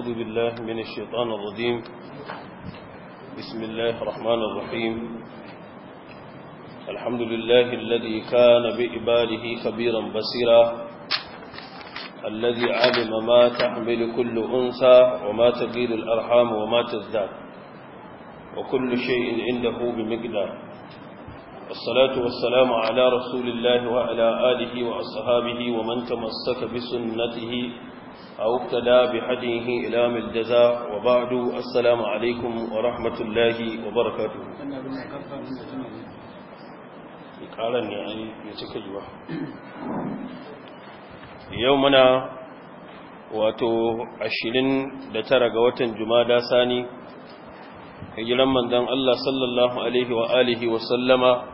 أعوذ بالله من الشيطان الرجيم بسم الله الرحمن الرحيم الحمد لله الذي كان بإباله خبيرا بصيرا الذي علم ما تحمل كل أنثى وما تقيل الأرحام وما تزداد وكل شيء عنده بمقدار والصلاة والسلام على رسول الله وعلى آله وأصحابه ومن تمسك بسنته أو اقتدى بحديه إلى الجزاء وبعد السلام عليكم ورحمة الله وبركاته قال يعني يتكلوا يومنا wato ashirin da tara ga watan da sani hijiran manzon Allah sallallahu alaihi wa alihi wa sallama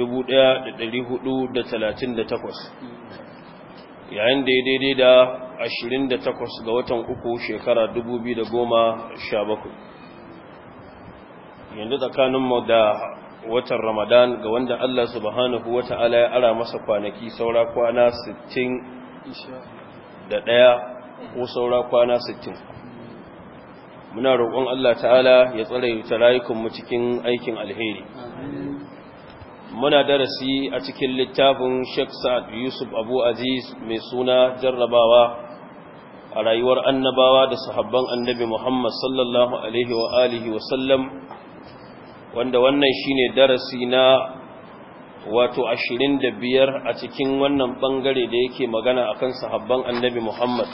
1438 yayin da daidai da 28 ga watan uku shekara 2017 yanzu tsakaninmu da watan ramadan ga wanda Allah subhanahu wa ta'ala ya ara masa kwanaki saura kwana 60 da ɗaya ko saura kwana 60 muna roƙon Allah ta'ala ya tsare ta mu cikin aikin alheri muna darasi a cikin littafin Sheikh Sa'ad Yusuf Abu Aziz mai suna jarrabawa a rayuwar annabawa da sahabban annabi Muhammad sallallahu alaihi wa alihi wa sallam wanda wannan shine darasi na wato 25 a cikin wannan bangare da yake magana akan sahabban annabi Muhammad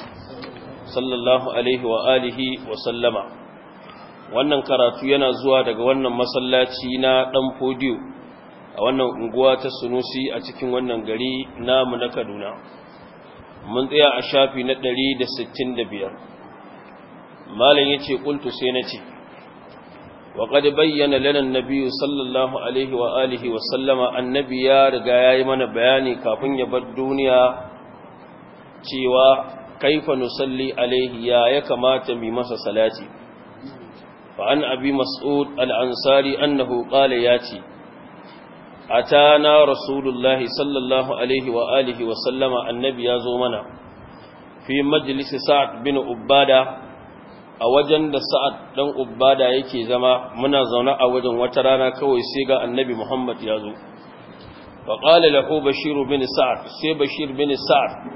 sallallahu alaihi wa alihi wa sallama wannan karatu yana zuwa daga wannan masallaci na dan podium a wannan unguwa ta Sunusi a cikin wannan gari namu na Kaduna mun tsaya a shafi na 165 malam yace qultu sai nace wa qad bayyana lana an-nabiy sallallahu alaihi wa alihi wa sallama annabi ya riga yayi mana bayani kafin ya bar duniya cewa kaifa nusalli alaihi ya ya kamata mu masa salati fa an abi mas'ud al-ansari annahu qala yati أتانا رسول الله صلى الله عليه وآله وسلم النبي يزومنا في مجلس Sa'ad bin أبادة a wajen da sa'ad ɗan ubbada yake zama muna zaune a wajen wata rana kawai sai ga annabi muhammad ya zo wa ƙala lahu bashiru bin sa'ad sai bashir bin sa'ad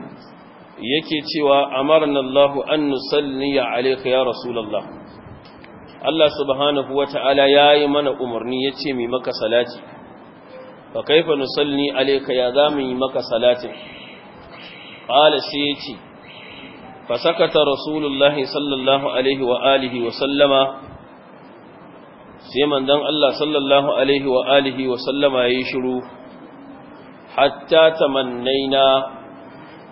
yake cewa amaran allahu an nusalli ya alaika ya rasulallah allah subhanahu wa ta'ala ya yi mana umarni ya ce mai maka salati fa kaifa nusalli alayka ya zamu yi maka salatin qala sai yace fa sakata rasulullah sallallahu alaihi wa alihi wa sallama sai manzon Allah sallallahu alaihi wa alihi wa sallama yayi shiru hatta tamannaina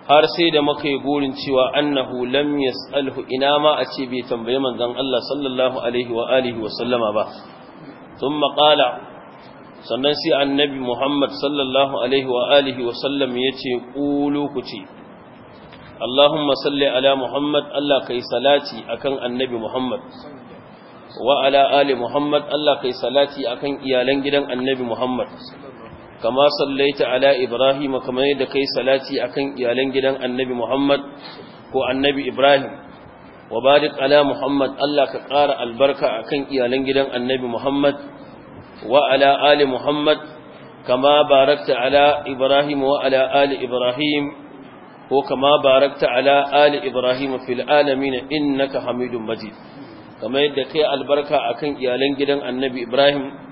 har sai da muka yi gurin cewa annahu lam yas'alhu ina ma a ce bai tambaye manzon Allah sallallahu alaihi wa alihi wa sallama ba thumma qala sannan sai annabi Muhammad sallallahu alaihi wa alihi wa sallam yace qulu ku ce Allahumma salli ala Muhammad Allah kai salati akan annabi Muhammad wa ala ali Muhammad Allah kai salati akan iyalan gidan annabi Muhammad kama sallaita ala Ibrahim kamar yadda kai salati akan iyalan gidan annabi Muhammad ko annabi Ibrahim wa barik ala Muhammad Allah ka ƙara albarka akan iyalan gidan annabi Muhammad وعلى آل محمد كما باركت على إبراهيم وعلى آل إبراهيم وكما باركت على آل إبراهيم في العالمين إنك حميد مجيد كما يدكي البركة أكن إيالين جدا النبي إبراهيم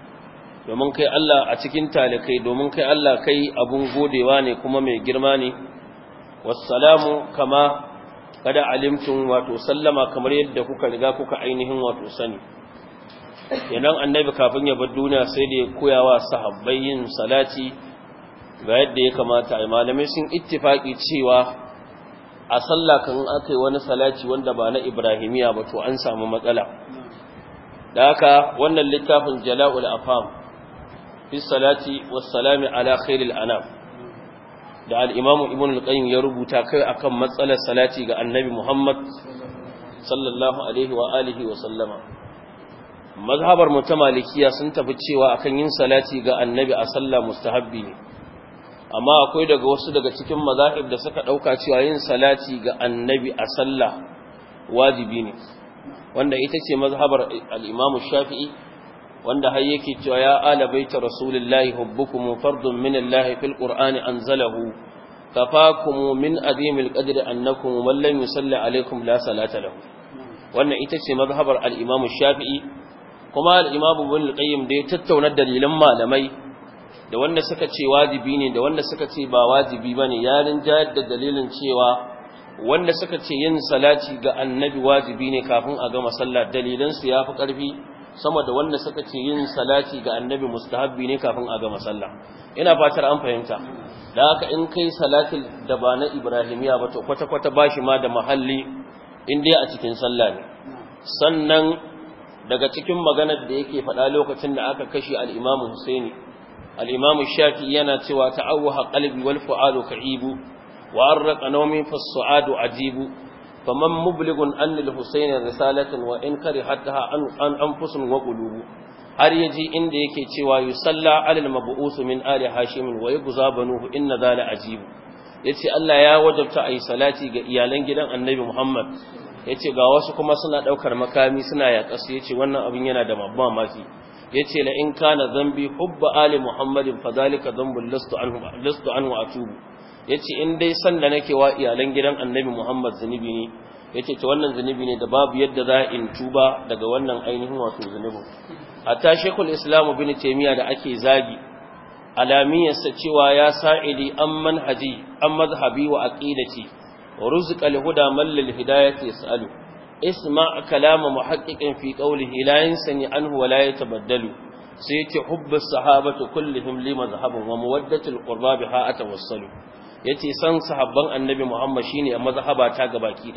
domin kai Allah a cikin talikai domin kai Allah kai abun godewa ne kuma mai girma ne wassalamu kama kada alimtum wato sallama kamar yadda kuka riga kuka ainihin wato sani kenan annabi kafin ya bar duniya sai da ya koya wa sahabbai yin salati ga yadda ya kamata a malamai sun ittifaki cewa a sallah kan aka wani salati wanda ba na ibrahimiya ba to an samu matsala da haka wannan littafin jala'ul afam fi salati wassalami ala khairil anam da al-imamu ibn al-qayyim ya rubuta kai akan matsalar salati ga annabi muhammad sallallahu alaihi wa alihi wa sallama mazhabar mu ta malikiya sun tafi cewa akan yin salati ga annabi a sallah mustahabbi ne amma akwai daga wasu daga cikin mazahib da suka dauka cewa yin salati ga annabi a sallah wajibi ne wanda ita ce mazhabar al-Imam Shafi'i wanda har yake cewa ya ala baita rasulullahi hubbukum fardun min Allah fil qur'ani anzalahu kafakum min adimil, qadri annakum man lam yusalli alaykum la salata lahu wannan ita ce mazhabar al-Imam Shafi'i kuma al-imamu ibn al da ya tattauna dalilan malamai da wanda suka ce wajibi ne da wanda suka ce ba wajibi bane ya rinja da dalilin cewa wanda suka ce yin salati ga annabi wajibi ne kafin a gama sallah dalilan su fi karfi sama da wanda suka ce yin salati ga annabi mustahabbi ne kafin a gama sallah ina fatar an fahimta da haka in kai salatin da ba na ibrahimiya ba to kwata-kwata bashi ma da mahalli in dai a cikin sallah ne sannan daga cikin maganar da yake faɗa lokacin da aka kashe al'imamu Husaini, al'imamu Shafi yana cewa ta'awuha ƙalbi wal fu'adu ka'ibu, wa an raƙa nomin fassu'adu ajibu, faman mubligun annil Husaini risalatin wa in kare hatta an an fusun wa ƙulubu, har ya ji inda yake cewa yi salla alal mabu'usu min ali hashimin wa yi guza in na zala ajibu. Ya ce Allah ya wajabta a yi salati ga iyalan gidan annabi Muhammad yace ga wasu kuma suna daukar makami suna Ya ce wannan abin yana da babban Ya ce la in kana zambi hubba ali muhammadin fazalika dhanbun lastu anhu a anhu Ya ce in dai san da nake wa iyalan gidan annabi muhammad zunubi ne yace to wannan zunubi ne da babu yadda za in tuba daga wannan ainihin wato zunubin hatta shekul islam ibn taymiya da ake zagi alamiyarsa cewa ya sa'ili an manhaji an mazhabi wa aqidati ورزق الهدى من للهداية يسأل اسمع كلام محقق في قوله لا ينسني عنه ولا يتبدل سيتي حب الصحابة كلهم لمذهب ومودة ha'a بها أتوصل yace san sahabban annabi Muhammad shine a mazhaba ta gabaki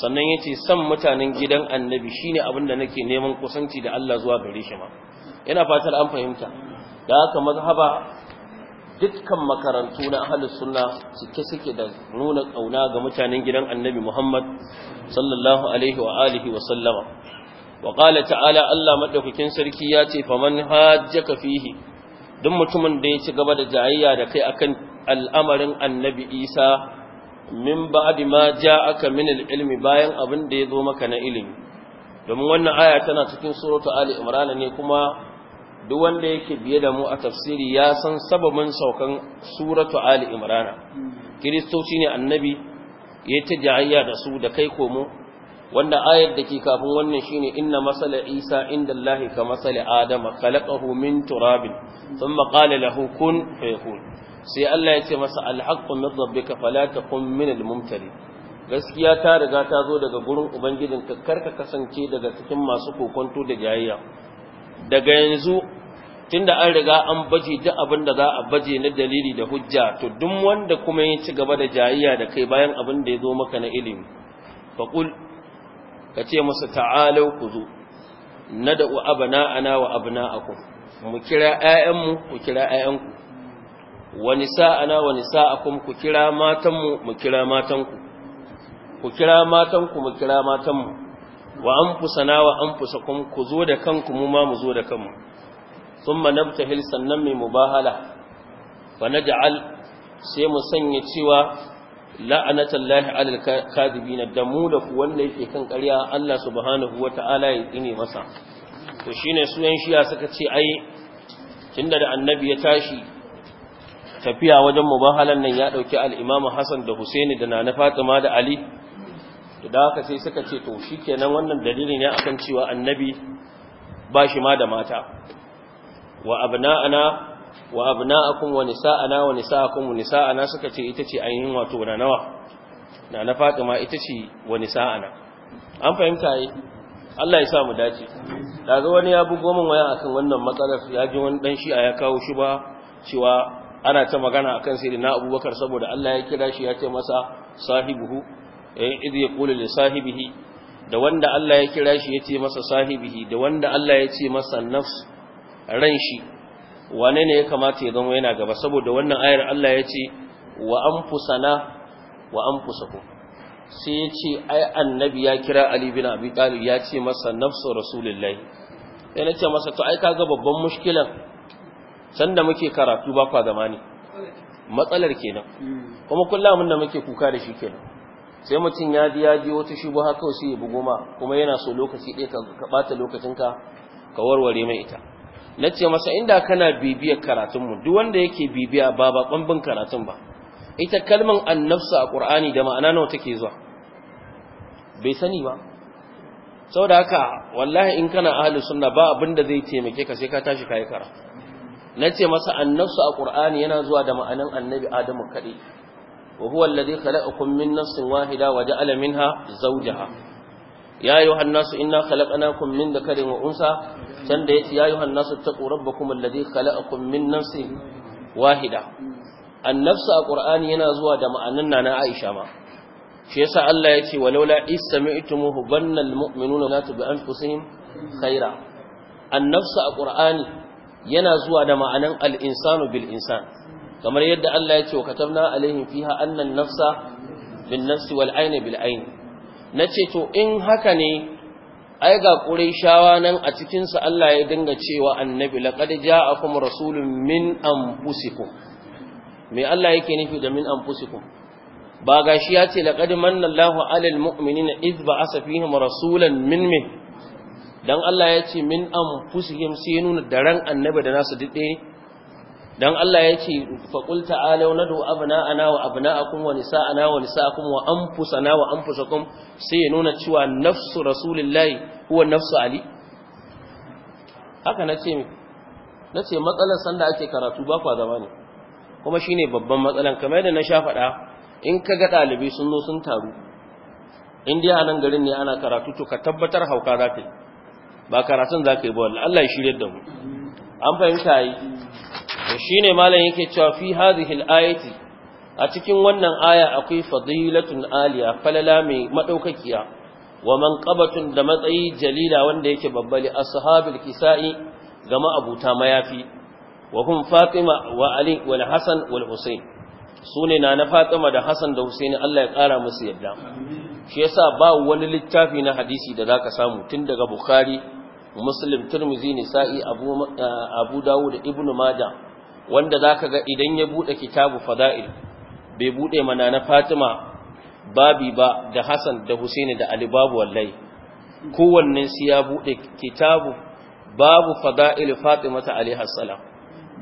sannan yace san mutanen gidan annabi shine abin da nake neman kusanci da Allah zuwa gare shi ma ina fatar an fahimta da haka mazhaba dukkan makarantu na ahlus sunna cike suke da nuna kauna ga mutanen gidan annabi Muhammad sallallahu alaihi wa alihi wa sallama wa qala ta'ala Allah madaukakin sarki ya ce faman hajjaka fihi duk mutumin da ya ci gaba da jayayya da kai akan al'amarin annabi Isa min ba'di ma ja'aka min al-ilmi bayan abin da ya zo maka na ilimi domin wannan aya tana cikin suratu ali imran ne kuma duk wanda yake biye da mu a tafsiri ya san sababin saukan suratu ali imrana kiristoci ne annabi ya ta jayayya da su da kai komo wanda ayar da ke kafin wannan shine inna masala isa inda allahi ka masala adama khalaqahu min turabin thumma qala lahu kun fayakun sai Allah ya ce masa alhaqqu min rabbika fala takun min almumtari gaskiya ta riga ta zo daga gurin kar karka kasance daga cikin masu kokonto da jayayya daga yanzu tunda an riga an baje duk abin da za a baje na dalili da hujja to duk wanda kuma ya ci gaba da jayayya da kai bayan abin da ya zo maka na ilimi faqul ka ce musu ta'alau ku zo nad'u abana'ana wa abna'akum mu kira mu ku kira ku wa nisa'ana wa nisa'akum ku kira matanmu mu kira matanku ku kira matanku mu kira matanmu wa anfusana wa anfusakum ku zo da kanku mu ma mu zo da kanmu thumma nabtahil sannan mai mubahala bana ja'al sai mu sanya cewa Lahi alal kadibin da mu da ku wanda yake kan ƙarya Allah subhanahu wata'ala ya tsine masa to shine suyan shiya suka ce ai tunda da annabi ya tashi tafiya wajen mubahalan nan ya dauki al Hassan da Husaini da Nana Fatima da Ali to da haka sai suka ce to shikenan wannan dalili ne akan cewa annabi ba shi ma da mata wa abna'ana wa abna'akum wa nisa'ana wa nisa'akum wa nisa'ana suka ce ita ce ainihin wato na nawa na na Fatima ita ce wa nisa'ana an fahimta yi Allah ya sa mu dace daga wani ya bugo min waya akan wannan matsalar ya ji wani dan a ya kawo shi ba cewa ana ta magana akan sai na Abubakar saboda Allah ya kira shi ya ce masa sahibihu eh idh yaqulu li sahibihi da wanda Allah ya kira shi ya ce masa sahibihi da wanda Allah ya ce masa nafsu ran shi wane ne ya kamata ya zama yana gaba saboda wannan ayar Allah ya ce wa an fusana wa an anfusakum sai ya ce ai annabi ya kira Ali bin Abi Talib ya ce masa nafsu rasulullahi sai na ce masa to ai kaga babban mushkilan da muke karatu ba kwa zamani matsalar kenan kuma min da muke kuka da shi kenan sai mutum ya ji ya ji wata shubuha haka sai ya bugo ma kuma yana so lokaci ɗaya ka ɓata lokacinka ka warware mai ita na ce masa inda kana bibiyar karatunmu duk wanda yake bibiya ba ba ɓanɓin karatun ba ita kalmar annafsa a ƙur'ani da ma'ana nawa take zuwa bai sani ba sau da haka wallahi in kana ahalin sunna ba abin da zai taimake ka sai ka tashi kayi kara na ce masa annafsu a ƙur'ani yana zuwa da ma'anan annabi adamu kaɗai wa huwa alladhi khalaqakum min nafsin wahida wa ja'ala minha zawjaha ya ayyuhan nasu inna khalaqnakum min dhakarin wa unsa can da ya ce ya yi hannasu ta ƙorar kuma lade khalaqakum min nafsin wahida annafsu a ƙur'ani yana zuwa da ma'anin nana Aisha ma shi yasa Allah ya ce walaula istami'tumuhu banna almu'minuna la tubi anfusihim khaira annafsu a Kur'ani yana zuwa da ma'anin al-insanu bil insan kamar yadda Allah ya ce wa katabna alaihim fiha anna an-nafsa bin nafsi wal aini bil Na nace to in haka ne ai ga shawa nan a cikinsa Allah ya dinga cewa annabi laqad ja'akum rasulun min anfusikum me Allah yake nufi da min anfusikum ba gashi ya ce laqad manna Allahu 'alal mu'minina id ba'asa fihim rasulan min min dan Allah ya ce min anfusihim sai nuna daren annabi da nasu duk ɗaya dan Allah ya ce faqul ta'alu nadu abna'ana wa abna'akum wa nisa'ana wa nisa'akum wa anfusana wa anfusakum sai ya nuna cewa nafsu rasulillahi huwa nafsu ali haka nace nace matsalar sanda ake karatu ba kwa zama ne kuma shine babban matsalan kamar yadda na sha faɗa in kaga ɗalibai sun zo sun taru in nan garin ne ana karatu to ka tabbatar hauka za yi ba karatun zaka yi ba Allah ya shirye da mu an fahimta yi shi shine malam yake cewa fi hadhihi al-ayati a cikin wannan aya akwai fadilatun aliya falala mai madaukakiya wa manqabatun da matsayi jalila wanda yake babbali ashabul kisa'i ga ma'abuta mayafi wa hum fatima wa ali wal hasan wal husain sune na na fatima da hasan da husaini Allah ya kara musu yadda shi yasa ba wani littafi na hadisi da zaka samu tun daga bukhari muslim tirmidhi nisa'i abu abu dawud ibnu majah wanda ka ga idan ya buɗe kitabu fada'il bai buɗe mana na Fatima babi ba da Hassan da Husaini da Ali babu wallahi kowannen su ya buɗe kitabu babu fada'il Fatima ta Ali hassala.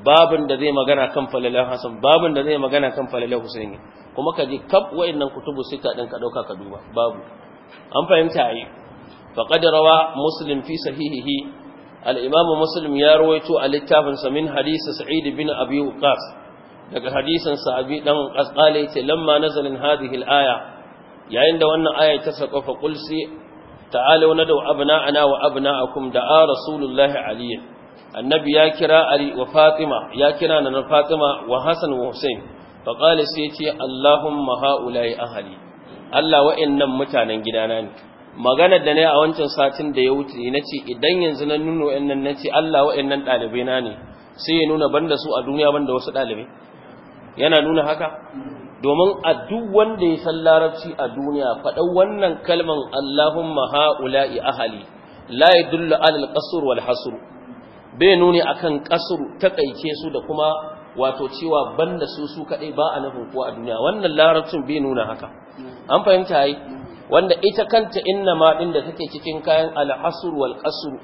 babin da zai magana kan falalan Hassan babin da zai magana kan falalan Husaini kuma ka ji kaf nan kutubu sita ɗin ka ɗauka ka duba babu an fahimta yi faƙadarawa musulun muslim fi sahihihi al-imam muslim ya rawaito a littafin Samin min hadisi sa'id bin abi daga hadisin sa'abi dan qasqala yace lamma nazalin hadhihi al-aya yayin da wannan aya ta sako fa qul si ta'alu nadu abna'ana wa abna'akum da'a rasulullahi aliyin annabi ya kira na na fatima ya kira nan wa hasan wa husain fa sai yace allahumma ha'ula'i ahli Allah wa'annan mutanen gidana ne maganar da na a wancan satin da ya wuce na ce idan yanzu na nuna wa'annan na ce Allah wa'annan ɗalibai na ne sai ya nuna banda su a duniya banda wasu ɗalibai yana nuna haka domin a duk wanda ya san larabci a duniya faɗa wannan kalman Allahumma ha'ula'i ahali la yadullu alal qasr wal hasr bai nuni akan qasr ta kaice su da kuma wato cewa banda su su kadai ba a nufin kuwa a duniya wannan larabcin bai nuna haka an fahimta yi wanda ita kanta inna ma din da take cikin kayan al-hasr wal qasr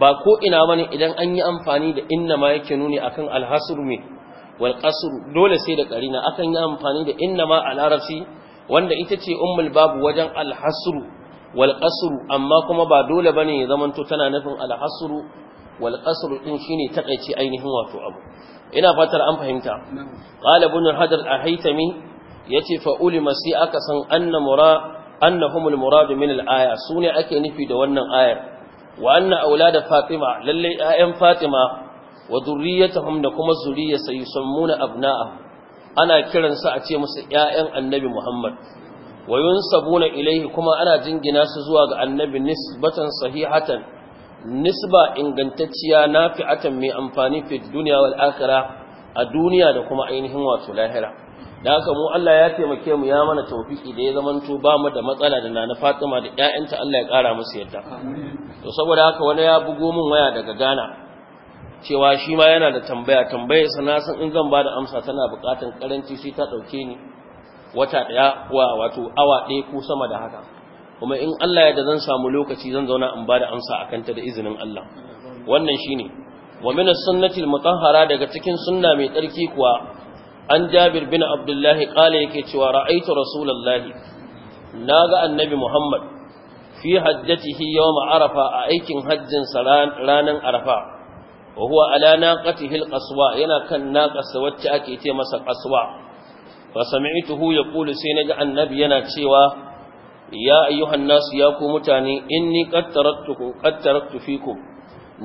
ba ko ina bane idan an yi amfani da inna ma yake nuni akan al-hasr me wal qasr dole sai da karina akan yi amfani da inna ma a larabci wanda ita ce ummul babu wajen al-hasr wal qasr amma kuma ba dole bane ya zamanto tana nufin al-hasr wal qasr din shine takaici ainihin wato abu ina fatar an fahimta qala ibn hadar al yace fa ulima sai aka san anna mura annahumul muradu min al-aya sune ake nufi da wannan ayar wa anna da fatima lalle ayyan fatima wa zurriyatuhum da kuma zuriyarsa yusammuna abna'a ana kiransa a ce musu ƴaƴan annabi Muhammad wa yunsabuna ilayhi kuma ana jingina su zuwa ga annabi nisbatan sahihatan nisba ingantacciya nafi'atan mai amfani fi dunya wal akhirah a duniya da kuma ainihin wato lahira da haka mu Allah ya taimake mu ya mana tawfiki da ya zamanto ba mu da matsala da na Fatima da ƴaƴanta Allah ya ƙara musu yadda to saboda haka wani ya bugo min waya daga Ghana cewa shi ma yana da tambaya tambayar sa san in zan ba da amsa tana buƙatar karanci sai ta dauke ni wata daya wa wato awa ɗaya ko sama da haka kuma in Allah ya da zan samu lokaci zan zauna in ba da amsa akan ta da izinin Allah wannan shine wa min as-sunnati al-mutahhara daga cikin sunna mai tsarki kuwa an jabir bin abdullahi ƙala yake cewa ra'aitu rasulullahi na ga annabi muhammad fi hajjatihi yau arafa a aikin hajjinsa ranar arafa wa huwa ala naqatihil qaswa yana kan naqasa wacce ake ce masa qaswa fa sami'tuhu yaqulu sai naga annabi yana cewa ya ayyuhan nas ya ku mutane inni qad taraktukum qad taraktu fikum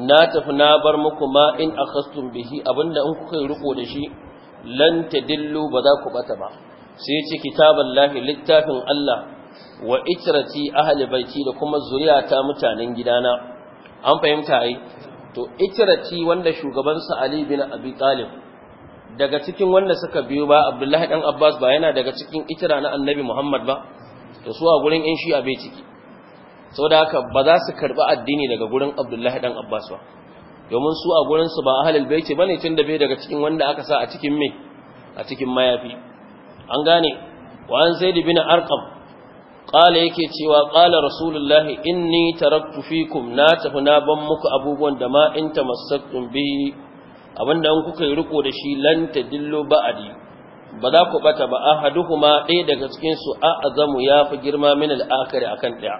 na tafi na bar muku ma in akhastum bihi abinda in kuka riko da shi lan tadillu ba za ku bata ba sai ce lahi, littafin Allah wa itrati ahli baiti da kuma zuriyata mutanen gidana an fahimta ai to itrati wanda shugaban sa Ali bin Abi Talib daga cikin wanda suka biyo ba Abdullahi dan Abbas ba yana daga cikin itira na Annabi Muhammad ba to su a gurin in shi a bai ciki saboda haka ba za su karbi addini daga gurin Abdullahi dan Abbas ba domin su a gurinsu ba ahalul baiti bane tunda bai daga cikin wanda aka sa a cikin mai a cikin mayafi an gane wa an zaid bin arqam qala yake cewa qala rasulullahi inni taraktu fikum na tafi na ban muku abubuwan da ma in ta tamassaktum bi abinda an kuka yi riko da shi lanta tadillu ba'adi ba za ku bata ba kuma ɗaya daga cikinsu su a azamu fi girma min la'akari a akan ɗaya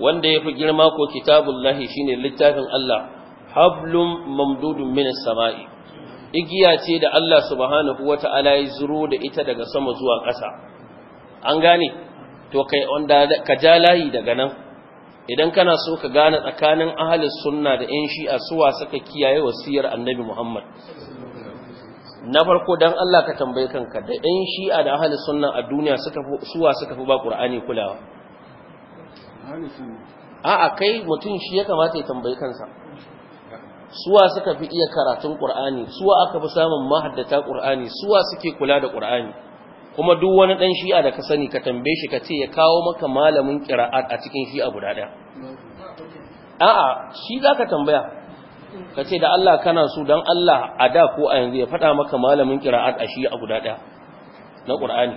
wanda ya fi girma ko kitabullahi shine littafin Allah hablum mamdudun min samai igiya ce da Allah subhanahu wata'ala ya zuro da ita daga sama zuwa ƙasa an gane to kai onda ka ja layi daga nan idan kana so ka gane tsakanin ahalin sunna da yan shi'a suwa suka kiyaye wasiyar annabi Muhammad na farko dan Allah ka tambaye kanka da yan shi'a da ahalin sunna a duniya suka suwa suka fi ba Qur'ani kulawa a'a kai mutum shi ya kamata ya tambaye kansa suwa suka fi iya karatun Kur'ani, suwa aka fi samun mahaddata Kur'ani, suwa suke kula da ƙur'ani kuma duk wani ɗan shi'a da ka sani ka tambaye shi ka ce ya kawo maka malamin qira'at a cikin shi'a guda ɗaya. a'a shi za ka tambaya ka ce da Allah kana su Don Allah a da ko a yanzu ya faɗa maka malamin qira'at a shi'a guda ɗaya na Qur'ani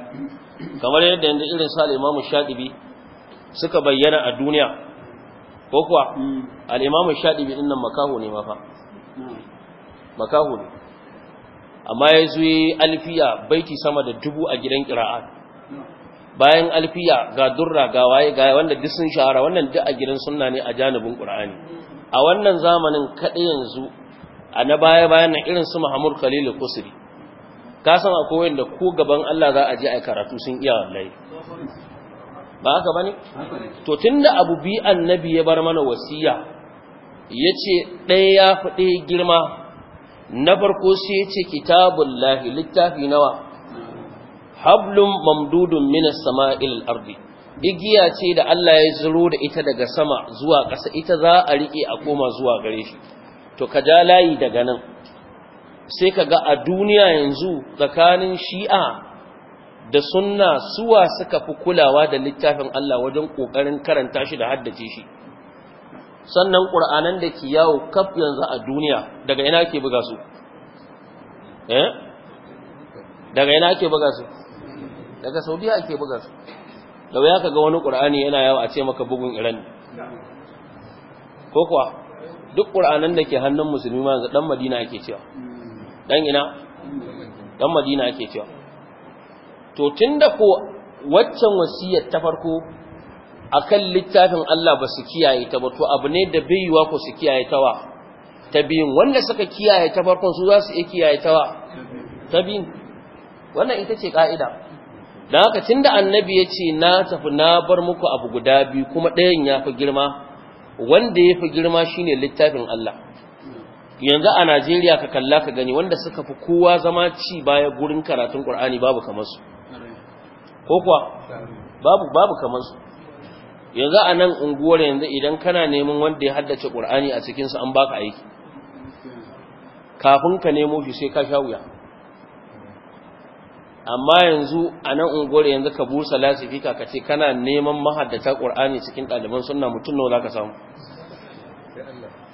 kamar yadda yanzu irin sa al shaɗibi suka bayyana a duniya ko kuwa hmm. al'imamun shaɗibi ɗin nan makaho ne mafa makaho ne amma ya zuye alfiya baiti sama da dubu a gidan ƙira'a bayan alfiya ga durra ga waye ga wanda disin shahara wannan duk a gidan sunna ne a janibin ƙura'ani a wannan zamanin kaɗai yanzu a na baya bayan nan irin su muhammad khalilu kusuri ka san akwai wanda ko gaban allah za a je a karatu sun iya wallahi ba haka bane to tunda abu bi annabi ya bar mana wasiya yace ɗaya ya fi girma na farko sai yace kitabullahi littafi nawa hablum mamdudun minas sama'il ardi igiya ce da Allah ya zuro da ita daga sama zuwa ƙasa ita za a rike a koma zuwa gare shi to ka ja layi daga nan sai ka ga a duniya yanzu tsakanin shi'a da sunna suwa suka fi kulawa da littafin Allah wajen ƙoƙarin karanta shi da haddace shi sannan ƙur'anan da ke yawo kaf yanzu a duniya daga ina ke buga su eh daga ina ke buga su daga saudiya ake buga su da ya kaga wani ƙur'ani yana yawo a ce maka bugun iran ko kuwa duk ƙur'anan da ke hannun musulmi ma yanzu dan madina ake cewa dan ina dan madina ake cewa to tun da ko waccan wasiyar ta farko a kan littafin Allah ba su kiyaye ta ba to abu ne da bai yiwa ku su kiyaye ta wa ta biyun wanda suka kiyaye ta farkon su za su iya kiyaye ta wa ta biyun wannan ita ce ka'ida don haka da annabi ya ce na tafi na bar muku abu guda biyu kuma ɗayan ya fi girma wanda ya fi girma shine littafin Allah yanzu a Najeriya ka kalla ka gani wanda suka fi kowa zama ci baya gurin karatun Qur'ani babu kamar su ko kuwa babu babu kamar su yanzu a nan unguwar yanzu idan kana neman wanda ya haddace qur'ani a cikinsu an baka aiki kafin ka nemo shi sai ka sha wuya amma yanzu a nan unguwar yanzu ka busa lasifika ka ce kana neman mahaddata qur'ani cikin ɗaliban sunna mutum nawa ka samu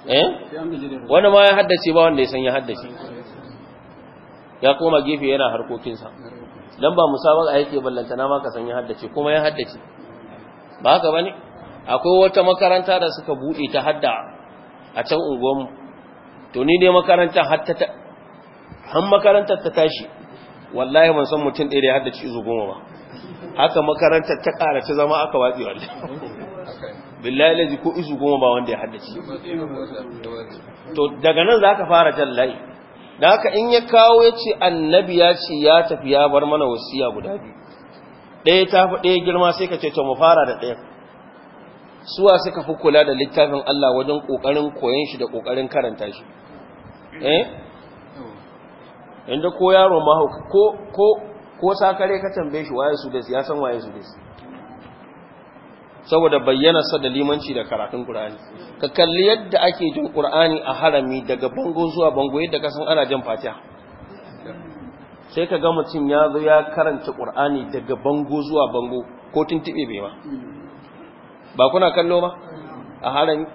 eh? wani ma ya haddace ba wanda ya san ya haddace ya koma gefe yana harkokinsa dan ba musabaka yake ballanta na ma ka san ya haddace kuma ya haddace ba haka bane akwai wata makaranta da suka bude ta hadda a can unguwar to ni ne makaranta har ta han makarantar ta tashi wallahi ban san mutum ɗaya da ya haddace izu goma ba haka makarantar ta ƙara ta zama aka watsi wallahi billahi laji ko izu goma ba wanda ya haddace to daga nan za ka fara jallai. da haka in ya kawo ya ce annabi ya ce ya tafi ya bar mana wasiya guda biyu ɗaya ta fi ɗaya girma sai ka ce to mu da ɗaya suwa suka fi kula da littafin Allah wajen ƙoƙarin koyon shi da ƙoƙarin karanta shi eh inda ko yaro ma ko ko ko sakare ka tambaye shi waye su da ya san waye su da su saboda bayyana sa da limanci da karatun Qur'ani ka kalli yadda ake jin Qur'ani a harami daga bango zuwa bango yadda ka san ana jin Fatiha sai ka ga mutum ya zo ya karanta Qur'ani daga bango zuwa bango ko tuntube bai ma ba kuna kallo ba a harami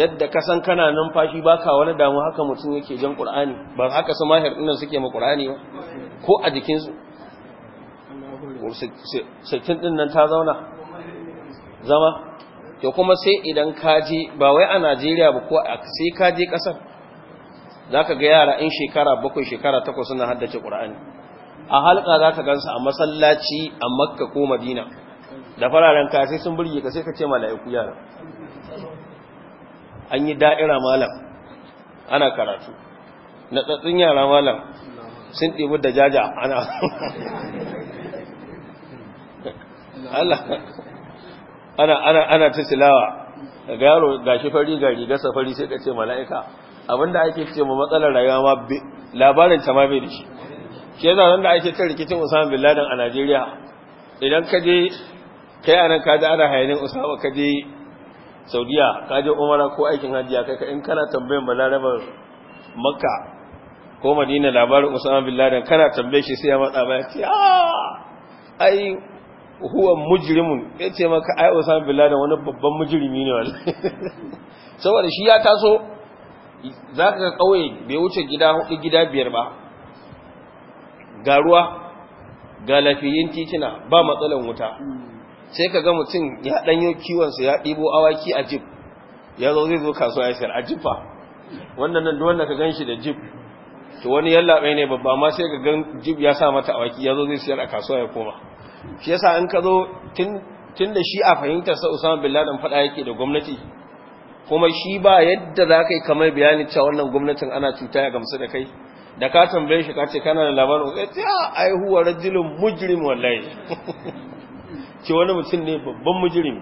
yadda ka san kana numfashi ka wani damu haka mutum yake jan Qur'ani ba haka su mahir dinnan suke ma Qur'ani ba ko a jikinsu sittin din nan ta zauna zama to kuma sai idan kaji ba wai a Najeriya ba ko sai kaji kasar ka ga yara in shekara bakwai shekara takwas suna haddace Qur'ani a halka ka gansa a masallaci a Makka ko Madina da fararen ka sai sun burge ka sai ka ce malaiku yara an yi da'ira malam ana karatu na tsatsin yara malam sun ɗibu da jaja ana Allah ana ana ana ta silawa ga yaro gashi fari ga riga safari sai ka ce mala'ika abinda ake ce mu matsalar rayuwa ma labarin ta ma bai da shi shi yana nan da ake ta rikicin Usama bin Laden a Najeriya idan ka je kai anan ka ji ana hayanin Usama ka je Saudiya ka je Umara ko aikin Hajiya kai in kana tambayan balarabar Makka ko Madina labarin Usama bin Laden kana tambaye shi sai ya matsa ba ya ce ah, ai huwa mujrimun ya ce maka ai usama bin Laden wani babban mujrimi ne wallahi saboda shi ya taso zaka ka kauye bai wuce gida hudu gida biyar ba ga ruwa ga lafiyin titina ba matsalan wuta sai ka ga mutum ya danyo kiwon sa ya dibo awaki a jib ya zo zai zo kasuwa ya sayar a jifa wannan nan duwanda ka ganshi da jib to wani bai ne babba ma sai ka gan jib ya sa mata awaki ya zo zai sayar a kasuwa ya koma shi yasa an ka zo tun da shi a fahimtar sa Usama bin Laden fada yake da gwamnati kuma shi ba yadda za ka yi kamar bayanin cewa wannan gwamnatin ana cuta ya gamsu da kai da ka tambaye shi ka ce kana da labarin ya ce ah, ai huwa rajulun mujirin wallahi ce wani mutum ne babban mujirin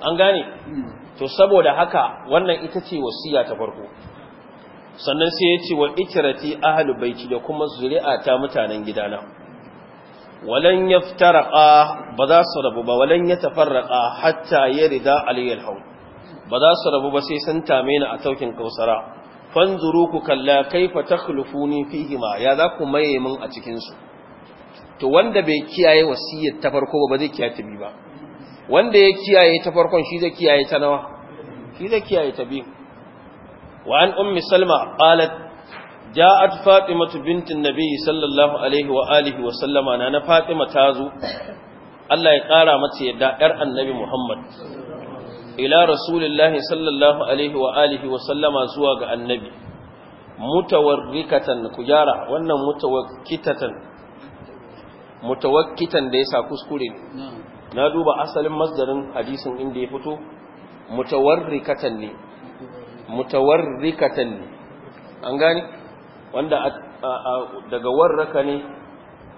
an gane to saboda haka wannan ita ce wasiya ta farko sannan sai ya ce wa ikirati ahlu ci da kuma zuri'a ta mutanen gidana walan yaftaraqa ba za su rabu ba walan yatafarraqa hatta yarida aliyal haw ba za su rabu ba sai san tame ni a taukin kausara fanzuru ku kalla kaifa takhlufuni fihi fihima, ya za ku maye min a cikin su to wanda bai kiyaye wasiyar ta farko ba zai kiyaye ta biyu ba wanda ya kiyaye ta farkon shi zai kiyaye ta nawa shi zai kiyaye ta biyu wa an ummi salma qalat ja'at fatimatu bintin nabi sallallahu alaihi wa alihi wa sallama na na fatima tazo Allah ya kara mata yadda yar annabi Muhammad ila rasulillahi sallallahu alaihi wa alihi wa sallama zuwa ga annabi mutawarrikatan kujara wannan mutawakkitatan mutawakkitan da yasa kuskure na duba asalin masdarin hadisin inda ya fito mutawarrikatan ne mutawarrikatan ne an gani wanda daga warraka ne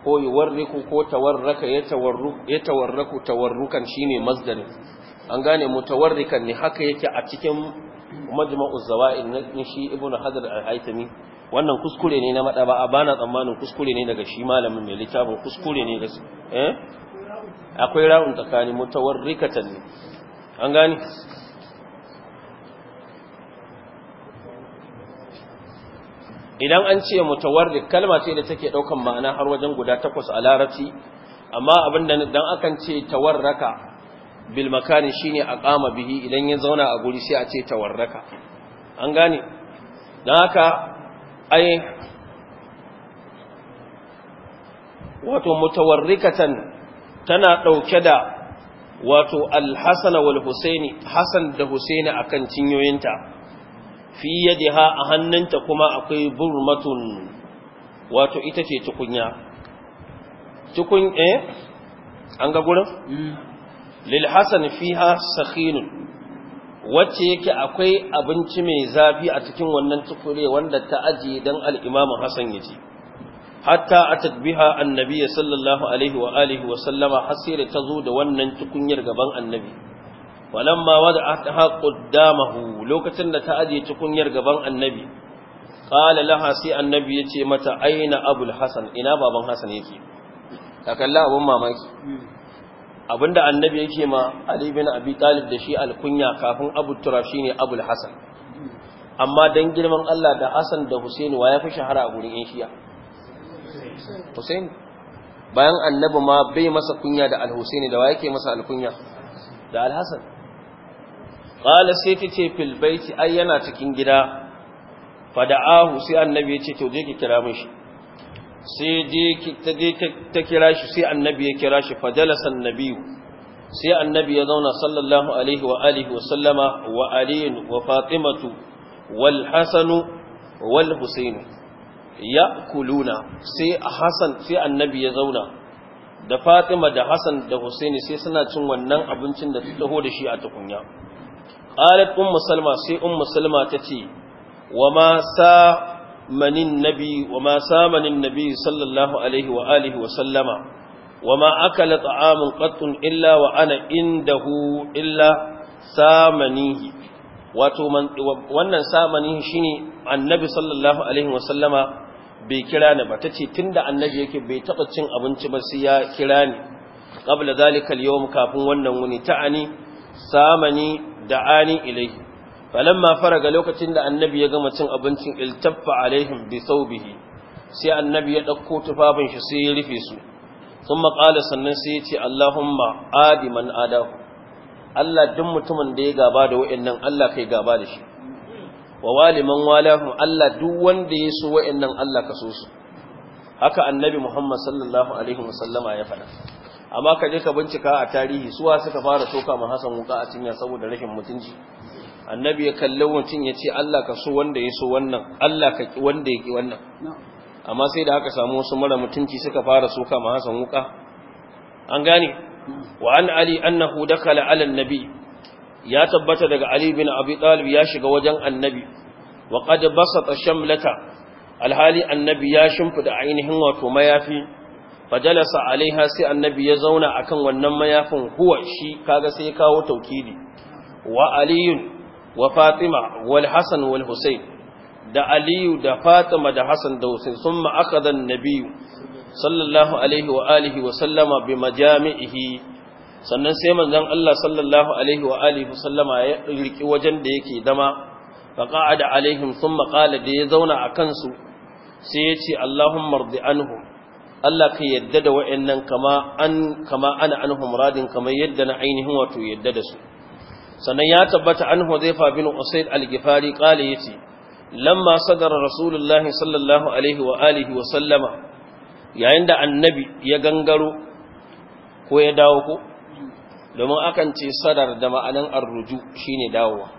ko warriku ko tawarraka ya tawarraku tawarrukan ne mazdani an gane mutawarrikan ne haka yake a cikin majma'u zawa'in na shi ibnu hadar al-haytami wannan kuskure ne na ba a, bana tsammanin kuskure ne daga shi malamin mai littafin kuskure ne da eh akwai ra'un tsakani mutawarrikatan ne an gane idan an ce mutawarrik kalma ce da take daukan ma'ana har wajen guda takwas a larabci amma abinda dan akan ce tawarraka bil makani shine aqama bihi idan ya zauna a guri sai a ce tawarraka an gane dan haka ai wato mutawarrikatan tana dauke da wato al-hasan wal husaini hasan da husaini akan cinyoyinta fi ha a hannunta kuma akwai burmatun wato ita ce tukunya tukun eh an ga gurin mm. lil hasan fiha sakhinun wacce yake akwai abinci mai zafi a cikin wannan tukure wanda ta ajiye dan al-imam hasan yace hatta atadbiha annabi sallallahu alaihi wa alihi wa sallama hasira da wannan tukunyar gaban annabi falamma wada'ataha qaddamahu lokacin da ta aje tukunyar gaban annabi qala laha sai annabi yace mata aina abul hasan ina baban hasan yake ta kalla abun mamaki abinda annabi yake ma ali bin abi talib da shi alkunya kafin abu turab shine abul hasan amma dan girman Allah da hasan da husaini wa yafi shahara a gurin yan shiya husaini bayan annabi ma bai masa kunya da al da wa yake masa alkunya da al qala sai ta ce baiti ai yana cikin gida fada'ahu sai annabi ya ce to je ki kira mishi sai je ki ta je ta kira shi sai annabi ya kira shi fajalasa annabi sai annabi ya zauna sallallahu alaihi wa alihi wa sallama wa aliyin wa fatimatu wal hasanu wal husainu kuluna sai hasan sai annabi ya zauna da fatima da hasan da husaini sai suna cin wannan abincin da ta taho da shi a tukunya qalat ummu salma sai ummu salma tace wa ma sa wa ma sa manin nabi sallallahu alaihi wa wa sallama wa ma akala ta'amun qattun illa wa ana illa samanihi wato wannan samanihi shine annabi sallallahu alaihi wa sallama bai kira ni ba tace tunda annabi yake bai taba cin abinci ba sai ya kira ni qabla zalika al-yawm kafin wannan wuni ta'ani samani ani ilaihi falamma faraga lokacin da annabi ya gama cin abincin iltaffa alaihim bi saubihi sai annabi ya dauko tufafin shi sai ya rufe su thumma qala sannan sai ya ce allahumma adi adahu Allah duk mutumin da ya gaba da wa'annan Allah kai gaba da shi wa waliman walahu Allah duk wanda ya so wa'annan Allah ka so su haka annabi Muhammad sallallahu alaihi wasallama ya faɗa amma ka je ka bincika a tarihi suwa suka fara soka ma Hassan wuka a cinya saboda rashin mutunci annabi ya kalli mutun ya ce Allah ka so wanda ya so wannan Allah ka ki wanda ya ki wannan amma sai da aka samu wasu mara mutunci suka fara soka ma Hassan wuka an gane wa an ali annahu dakala ala annabi ya tabbata daga ali bin abi talib ya shiga wajen annabi wa qad basata shamlata alhali annabi ya shimfida ainihin wato mayafi fajalasa alaiha sai annabi ya zauna akan wannan mayafin huwa shi kaga sai ya kawo taukidi wa Aliyu wa fatima wal hasan wal husayn da aliyu da fatima da hasan da husayn summa akhadha an-nabiy sallallahu alaihi wa alihi wa sallama bi majami'ihi sannan sai manzon Allah sallallahu alaihi wa alihi wa sallama ya riki wajen da yake dama faqa'ada alaihim summa qala da ya zauna akan su sai ya ce Allahumma rdi anhum Allah ka yadda da wayannan kama kama ana anhum radin kamar yadda na ainihin wato yadda da su sannan ya tabbata an Hudhayfa bin Usayd al-Ghifari ya ce. lamma sadara Rasulullahi sallallahu alaihi wa alihi wa sallama yayin da annabi ya gangaro ko ya dawo ko domin akan ce sadar da ma'anan arruju shine dawowa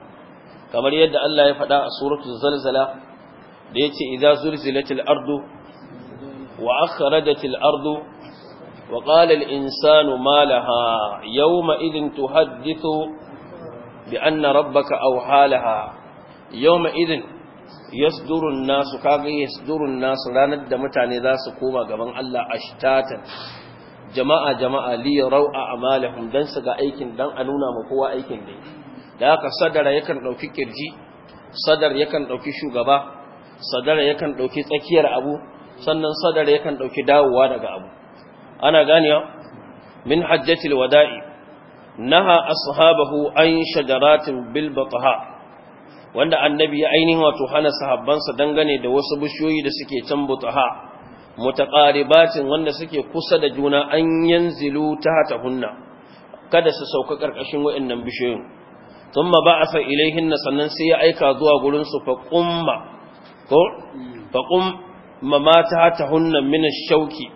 kamar yadda Allah ya faɗa a suratul zalzala da yace iza zulzilatil ardu وأخرجت الأرض وقال الإنسان ما لها يومئذ تحدث بأن ربك أوحى لها يومئذ يصدر الناس كاغي يصدر الناس لا ند متاني ذا سكوما غبن الله أشتاتا جماعة جماعة لي روء أعمالهم دان سغا أيكن دان أنونا مقوى أيكن دي ذاك صدر يكن لو كرجي صدر يكن لو شغبا صدر يكن لو تكير أبو sannan sadar yakan ɗauki dawowa daga abu ana ganiya min hajjatil wada'i naha ashabahu an shajaratin bil bataha wanda annabi ya ainihin wato hana sahabbansa dangane da wasu bishiyoyi da suke can bataha mutaqaribatin wanda suke kusa da juna an yanzilu tahta hunna kada su sauka karkashin wayannan bishiyoyin thumma ba'atha hinna sannan sai ya aika zuwa gurin su fa qumma mamata ta hunna min shauki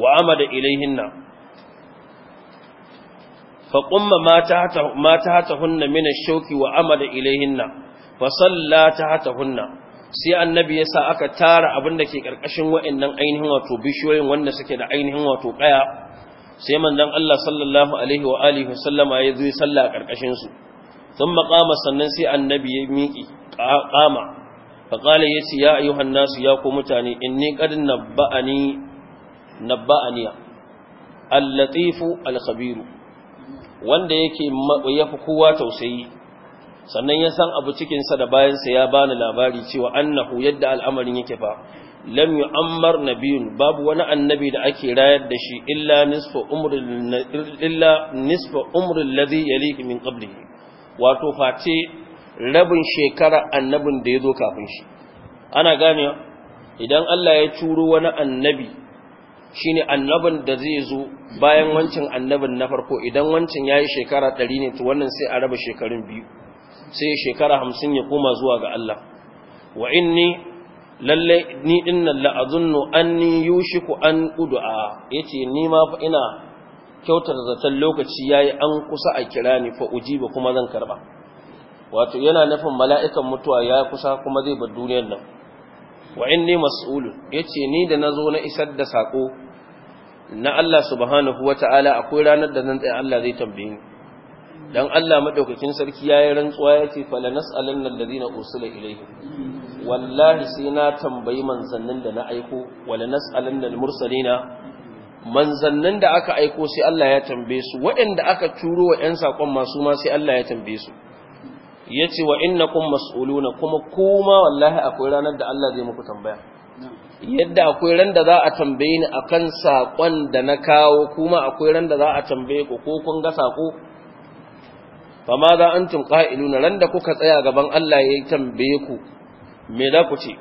wa amada ilaihinna fa qumma mata ta mata ta hunna min shauki wa amada ilaihinna fa sallata ta hunna sai annabi ya sa aka tara abin da ke karkashin wa'annan ainihin wato bishiyoyin wanda suke da ainihin wato kaya sai manzon Allah sallallahu alaihi wa alihi wasallama ya zo salla karkashin su sun maqama sannan sai annabi ya miƙi qama فقال يسي يا أيها الناس mutane in إني قد نبأني نبأني اللطيف الخبير wanda yake ya fi kowa tausayi sannan ya san abu cikinsa da bayansa ya bani labari cewa annahu yadda al'amarin yake fa lam yu'ammar nabiyun babu wani annabi da ake rayar da shi illa nisfa umrul illa nisfa umrul ladhi min qablihi wato face rabin shekara annabin da ya zo kafin shi ana gane idan Allah ya turo wani annabi shi ne annabin da zai zo bayan wancan annabin na farko idan wancin yi shekara ɗari ne to wannan sai a raba shekarun biyu sai shekara hamsin ya koma zuwa ga Allah wa inni lalle ni nan la azunnu anni yushiku an ud'a yace ni ma fa ina kyautar zaton lokaci yayi an kusa a kira ni fa ujiba kuma zan karba wato yana nufin mala'ikan mutuwa ya kusa kuma zai bar duniyar nan wa inni mas'ulun yace ni da nazo na isar da sako na Allah subhanahu wata'ala akwai ranar da zan tsaya Allah zai tambaye ni dan Allah madaukakin sarki yi rantsuwa yace fala nas'alanna alladhina usila ilayhi wallahi sai na tambayi manzannin da na aiko wala almursalina manzannin da aka aiko sai Allah ya tambaye su waɗanda aka turo wa ƴan sakon masu ma sai Allah ya tambaye su ya ce wa innakum mas'uluna kuma kuma wallahi akwai ranar da Allah zai muku tambaya yadda akwai ran da za a tambaye ni akan sakon da na kawo kuma akwai ran da za a tambaye ku ko kun ga sako fa ma za antum qa'iluna ran da kuka tsaya gaban Allah yayi tambaye ku me za ku ce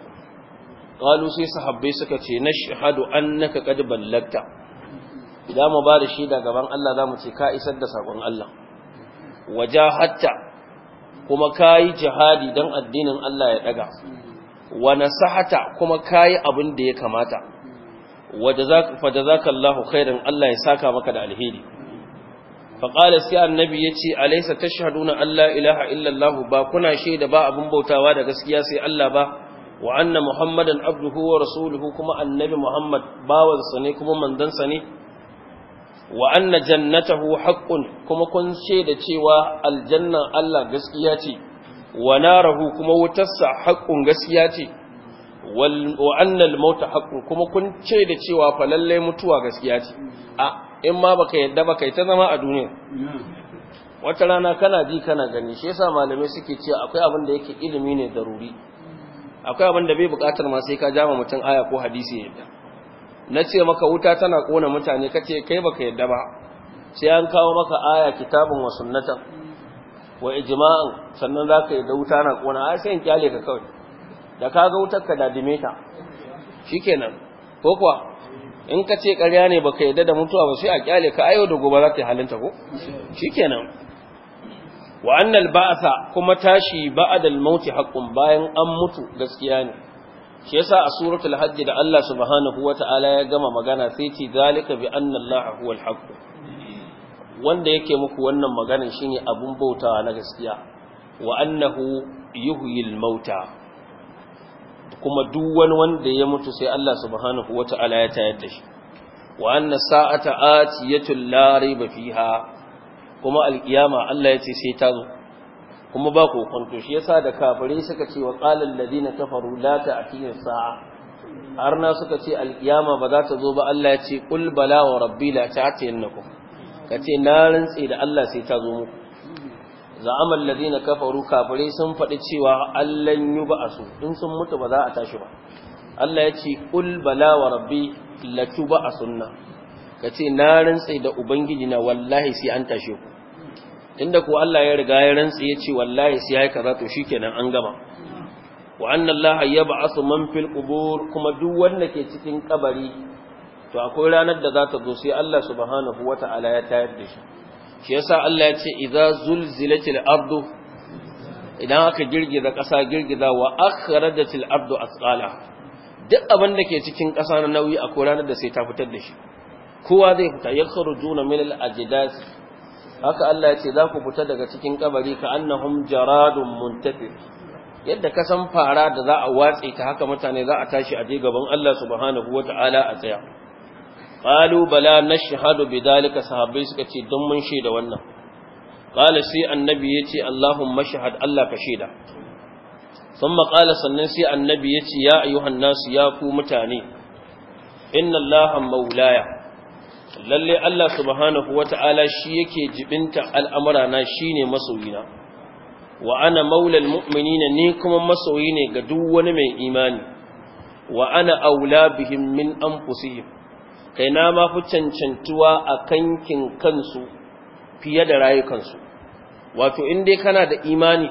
qalu sai sahabbai suka ce na nashhadu annaka qad ballagta za mu ba shi da gaban Allah za mu ce ka isar da sakon Allah hatta. kuma kayi jihadi dan addinin Allah ya ɗaga, wa nasahata kuma kayi abin da ya kamata za jazaka Allahu khairan Allah ya saka maka da alheri fa sai annabi ce alaisa ta an allah ilaha illallahu ba kuna shaida ba abin bautawa da gaskiya sai Allah ba wa annan muhammadan abduhu wa rasuluhu kuma annabi muhammad bawansa ne kuma mandansa ne wa anna jannatahu haqqun kuma kun da cewa aljannan Allah gaskiya ce wa narahu kuma wutarsa haqqun gaskiya ce wa anna mauta haqqun kuma kun ce da cewa fa lalle mutuwa gaskiya ce a in ma baka yadda baka ta zama a duniya wata rana kana ji kana gani shi yasa malamai suke cewa akwai abin da yake ilimi ne daruri akwai abin da bai bukatar ma sai ka jama mutum aya ko hadisi yadda na ce maka wuta tana kona mutane kace kai baka yadda ba sai an kawo maka aya kitabun wa sunnatan wa ijma'an sannan zaka yadda wuta na kona ai sai in kyale ka kawai da kaga wutar ka dadime ta shikenan ko kuwa in ka ce ƙarya ne baka yadda da mutuwa ba sai a kyale ka ayo da gobe za ta halinta ko shikenan wa annal ba'sa kuma tashi ba'dal mauti haqqun bayan an mutu gaskiya ne shi yasa a suratul hajj da Allah subhanahu wata'ala ya gama magana sai ce zalika bi anna Allah al-haq wanda yake muku wannan magana shine abun bautawa na gaskiya wa annahu al mauta kuma duk wani wanda ya mutu sai Allah subhanahu wata'ala ya tayar da shi wa anna sa'ata atiyatul la rayba fiha kuma al al-qiyama Allah yace sai ta zo kuma ba ku kwanto shi yasa da kafirai suka ce wa qalal ladina kafaru la ta'tiya sa'a Har na suka ce alkiyama ba za ta zo ba Allah ya ce qul bala wa rabbi la ta'tiyannakum kace na rantsi da Allah sai ta zo muku za'ama alladina kafaru kafirai sun faɗi cewa allan yub'asu in sun mutu ba za a tashi ba Allah ya ce qul bala wa rabbi la tub'asunna kace na rantsi da ubangiji na wallahi sai an tashe ku inda ko Allah ya riga ya rantsi ya ce wallahi sai yayi kaza to shikenan an gama wa anna Allah yab'athu man fil qubur kuma duk wanda ke cikin kabari to akwai ranar da za ta zo sai Allah subhanahu wata'ala ya tayar da shi shi yasa Allah ya ce idza zulzilatil ardu idan aka girgiza ƙasa girgiza wa akhrajatil ardu asqala duk abin da ke cikin ƙasa na nauyi akwai ranar da sai ta fitar da shi kowa zai fita yakhrujuna min al ajdas haka Allah ya ce za ku fita daga cikin kabari ka annahum jaradun muntafir yadda ka san fara da za a watse ta haka mutane za a tashi a je gaban Allah subhanahu wata'ala a tsaya qalu bala nashhadu bidalika sahabbai suka ce don mun shaida wannan qala sai annabi yace Allahumma shahad Allah ka shaida thumma qala sannan sai annabi yace ya ayyuhan nasu ya ku mutane inna Allaha maulaya lalle Allah subhanahu wata'ala shi yake jibinta al'amura na shine masoyina wa ana maulal mu'minina ni kuma masoyi ne ga duk wani mai imani wa ana aula bihim min anfusihim kai na ma fi cancantuwa a kankin kansu fiye da rayukansu wato in dai kana da imani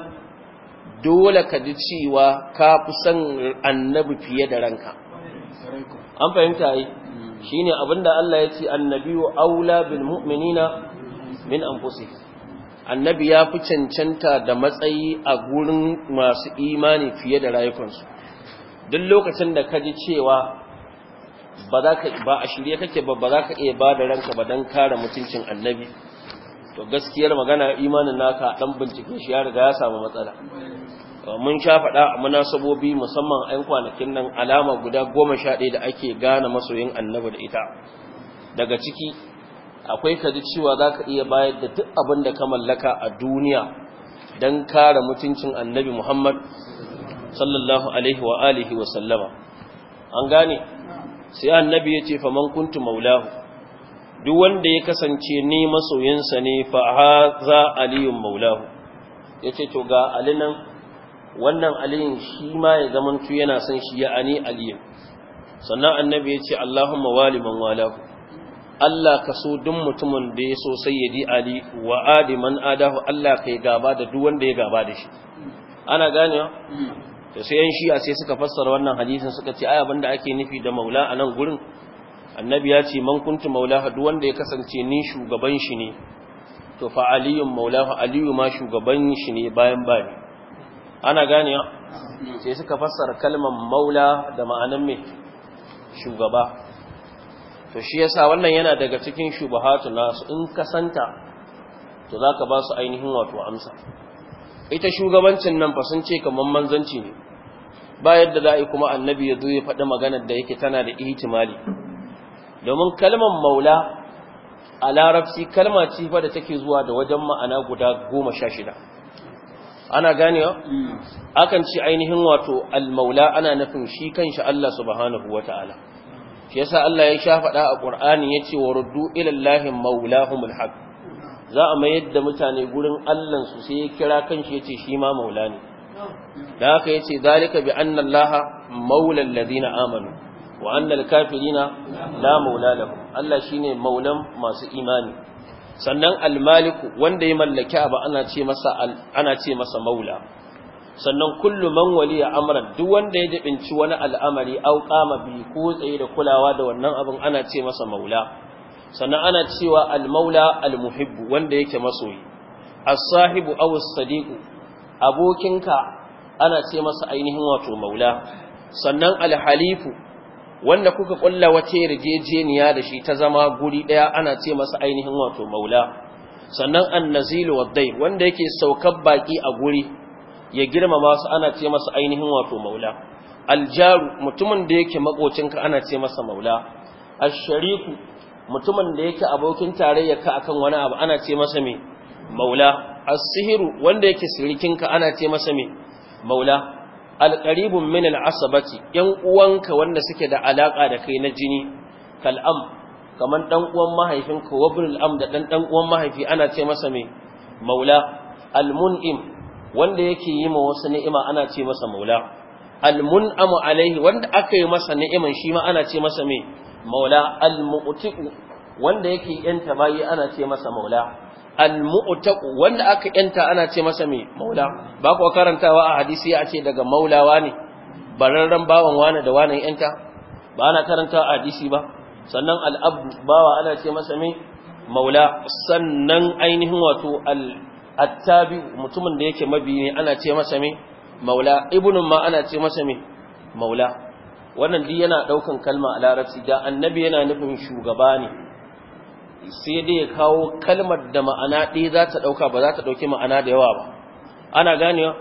dole ka ji cewa ka fi son annabi fiye da ranka an fahimta yi Shi shine abinda Allah ya ce annabiyu aula bin mu'minina min anfusihim annabi ya fi cancanta da matsayi a gurin masu imani fiye da rayukansu duk lokacin da ka ji cewa ba za ka ba a shirye kake ba ba za ka iya ba da ranka ba don kare mutuncin annabi to gaskiyar magana imanin naka dan bincike shi ya riga ya samu matsala mun sha faɗa a munasabobi musamman 'yan kwanakin nan alama guda goma sha ɗaya da ake gane masoyin annabi da ita daga ciki akwai ji cewa za ka iya bayar da duk abin da ka mallaka a duniya don kare mutuncin annabi muhammad sallallahu alaihi wa alihi wa sallama an gane sai annabi ya ce faman kuntu maulahu duk wanda ya kasance ni masoyinsa ne fa haza aliyun maulahu ya ce to ga alinan wannan aliyin shi ma ya zamantu yana son shi ya ani aliyin sannan annabi ya ce Allahumma waliman walahu Allah ka so duk mutumin da ya so sayyidi ali wa adiman adahu Allah ka yi gaba da duk wanda ya gaba da shi ana gane to sai yan shi'a sai suka fassara wannan hadisin suka ce ai abinda ake nufi da maula a nan gurin annabi ya ce man kuntu maula duk wanda ya kasance ni shugaban shi ne to fa aliyun maulahu aliyu ma shugaban shi ne bayan bayan ana ya sai suka fassara kalmar maula da ma'anan mai shugaba to shi yasa wannan yana daga cikin shubahatu nasu in ka santa to zaka ba su ainihin wato amsa ita shugabancin nan fa sun ce kaman manzanci ne ba yadda za a yi kuma annabi ya zo ya faɗi maganar da yake tana da ihtimali domin kalmar maula a larabci kalma cifa fa da take zuwa da wajen ma'ana guda goma sha shida ana ganewa hmm. akan ci ainihin wato almaula ana nufin shi kanshi Allah subhanahu wataala shi yasa Allah ya sha faɗa a Qur'ani yace waruddu ila Allahi maulahumul haq za a mayar da mutane gurin Allansu su sai ya kira kanshi yace shi ma maula ne da haka yace zalika bi anna Allah maula amanu wa anna kafirina la maula lahum Allah shine maulan masu imani sannan almaliku wanda ya mallaki abu ana ce masa maula sannan kullum man waliya amran duk wanda ya jibinci wani al'amari au qama bi ko tsaye da kulawa da wannan abin ana ce masa maula sannan ana cewa almaula almuhibbu wanda yake masoyi as-sahibu aw abokinka ana ce masa ainihin wato maula sannan alhalifu wanda kuka kulla wace yarjejeniya da shi ta zama guri daya ana ce masa ainihin wato maula sannan annazilu waddai wanda yake saukar baki a guri ya girmama su ana ce masa ainihin wato maula aljaru mutumin da yake makocinka ana ce masa maula ashariku mutumin da yake abokin tarayya ka akan wani abu ana ce masa me maula asihiru wanda yake sirikinka ana ce masa me maula alqaribun min Asabati, yan uwanka wanda suke da alaƙa da kai na jini kal'am kamar dan uwan mahaifinka wa am da dan uwan mahaifi ana ce masa mai. maula almun'im wanda yake yi ma wasu ni'ima ana ce masa maula almun'amu alaihi wanda aka yi masa ni'iman shi ma ana ce masa mai. maula Almu'utiku wanda yake yanta bayi ana ce masa maula al-mu'taq wanda aka yanta ana ce masa me maula ba ku karantawa a hadisi a ce daga maulawa ne bararran bawan wani da wani yanta ba ana karantawa a hadisi ba sannan al-abd bawa ana ce masa me maula sannan ainihin wato al-attabi mutumin da yake mabi ne ana ce masa me maula ibnun ma ana ce masa me maula wannan duk yana daukan kalma a larabci da annabi yana nufin shugaba ne sai dai ya kawo kalmar da ma'ana ɗaya za ta ɗauka ba za ta ɗauki ma'ana da yawa ba ana ganewa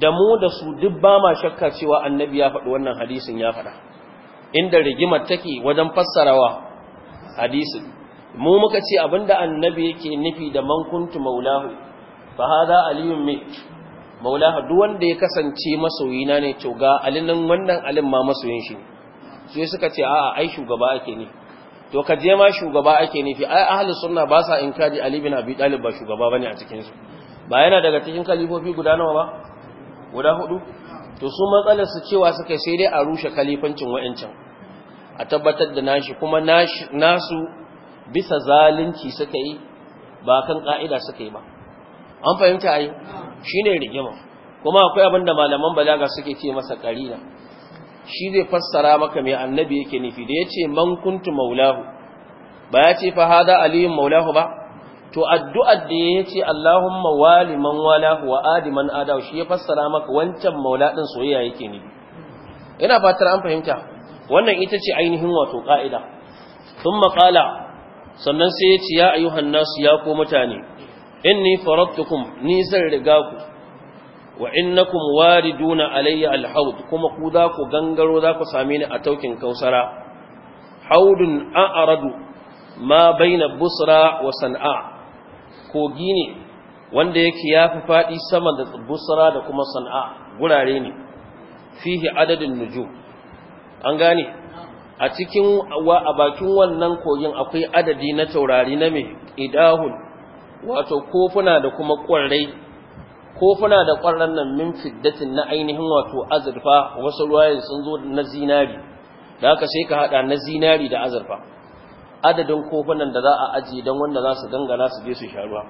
da mu da su duk ba ma shakka cewa annabi ya faɗi wannan hadisin ya faɗa inda rigimar take wajen fassarawa hadisin mu muka ce abinda annabi yake nufi da man kuntu maulahu fa hada aliyun min maulahu duk wanda ya kasance masoyina ne to ga alinin wannan alin ma masoyin shi sai suka ce a'a ai shugaba ake ne to ka je ma shugaba ake nufi ai ahlus sunna ba sa inkari ali bin abi talib ba shugaba bane a cikin su ba yana daga cikin kalifofi guda nawa ba guda hudu to su matsalar su cewa suka sai dai a rushe kalifancin wayancan a tabbatar da nashi kuma nasu bisa zalunci suka yi ba kan ka'ida suka yi ba an fahimta ai shine rigima kuma akwai abin da malaman balaga suke ce masa karina shi zai fassara maka mai annabi yake nufi da ya ce man kuntu maulahu ba ya ce fahada aliyun maulahu ba to addu'ar da ya ce Allahumma wali man walahu wa adi man adahu shi ya fassara maka wancan maula ɗin soyayya yake nufi ina fatar an fahimta wannan ita ce ainihin wato ƙa'ida sun maƙala sannan sai ya ce ya ayyuhan nasu ya ko mutane inni farattukum ni zan riga ku wa innakum wariduna alayya alhaud kuma ku za ku gangaro za ku same ni a taukin kausara haudun a'radu ma baina busra wa san'a kogi ne wanda yake yafi fadi sama da busra da kuma san'a gurare ne fihi adadin nujum an gane a cikin wa a bakin wannan kogin akwai adadi na taurari na mai idahul wato kofuna da kuma ƙwarai. kofuna da ƙwarar nan min fiddatin na ainihin wato azurfa wasu ruwayen sun zo na zinari da aka sai ka haɗa na zinari da azurfa adadin kofunan da za a ajiye don wanda za su gangara su je su sha ruwa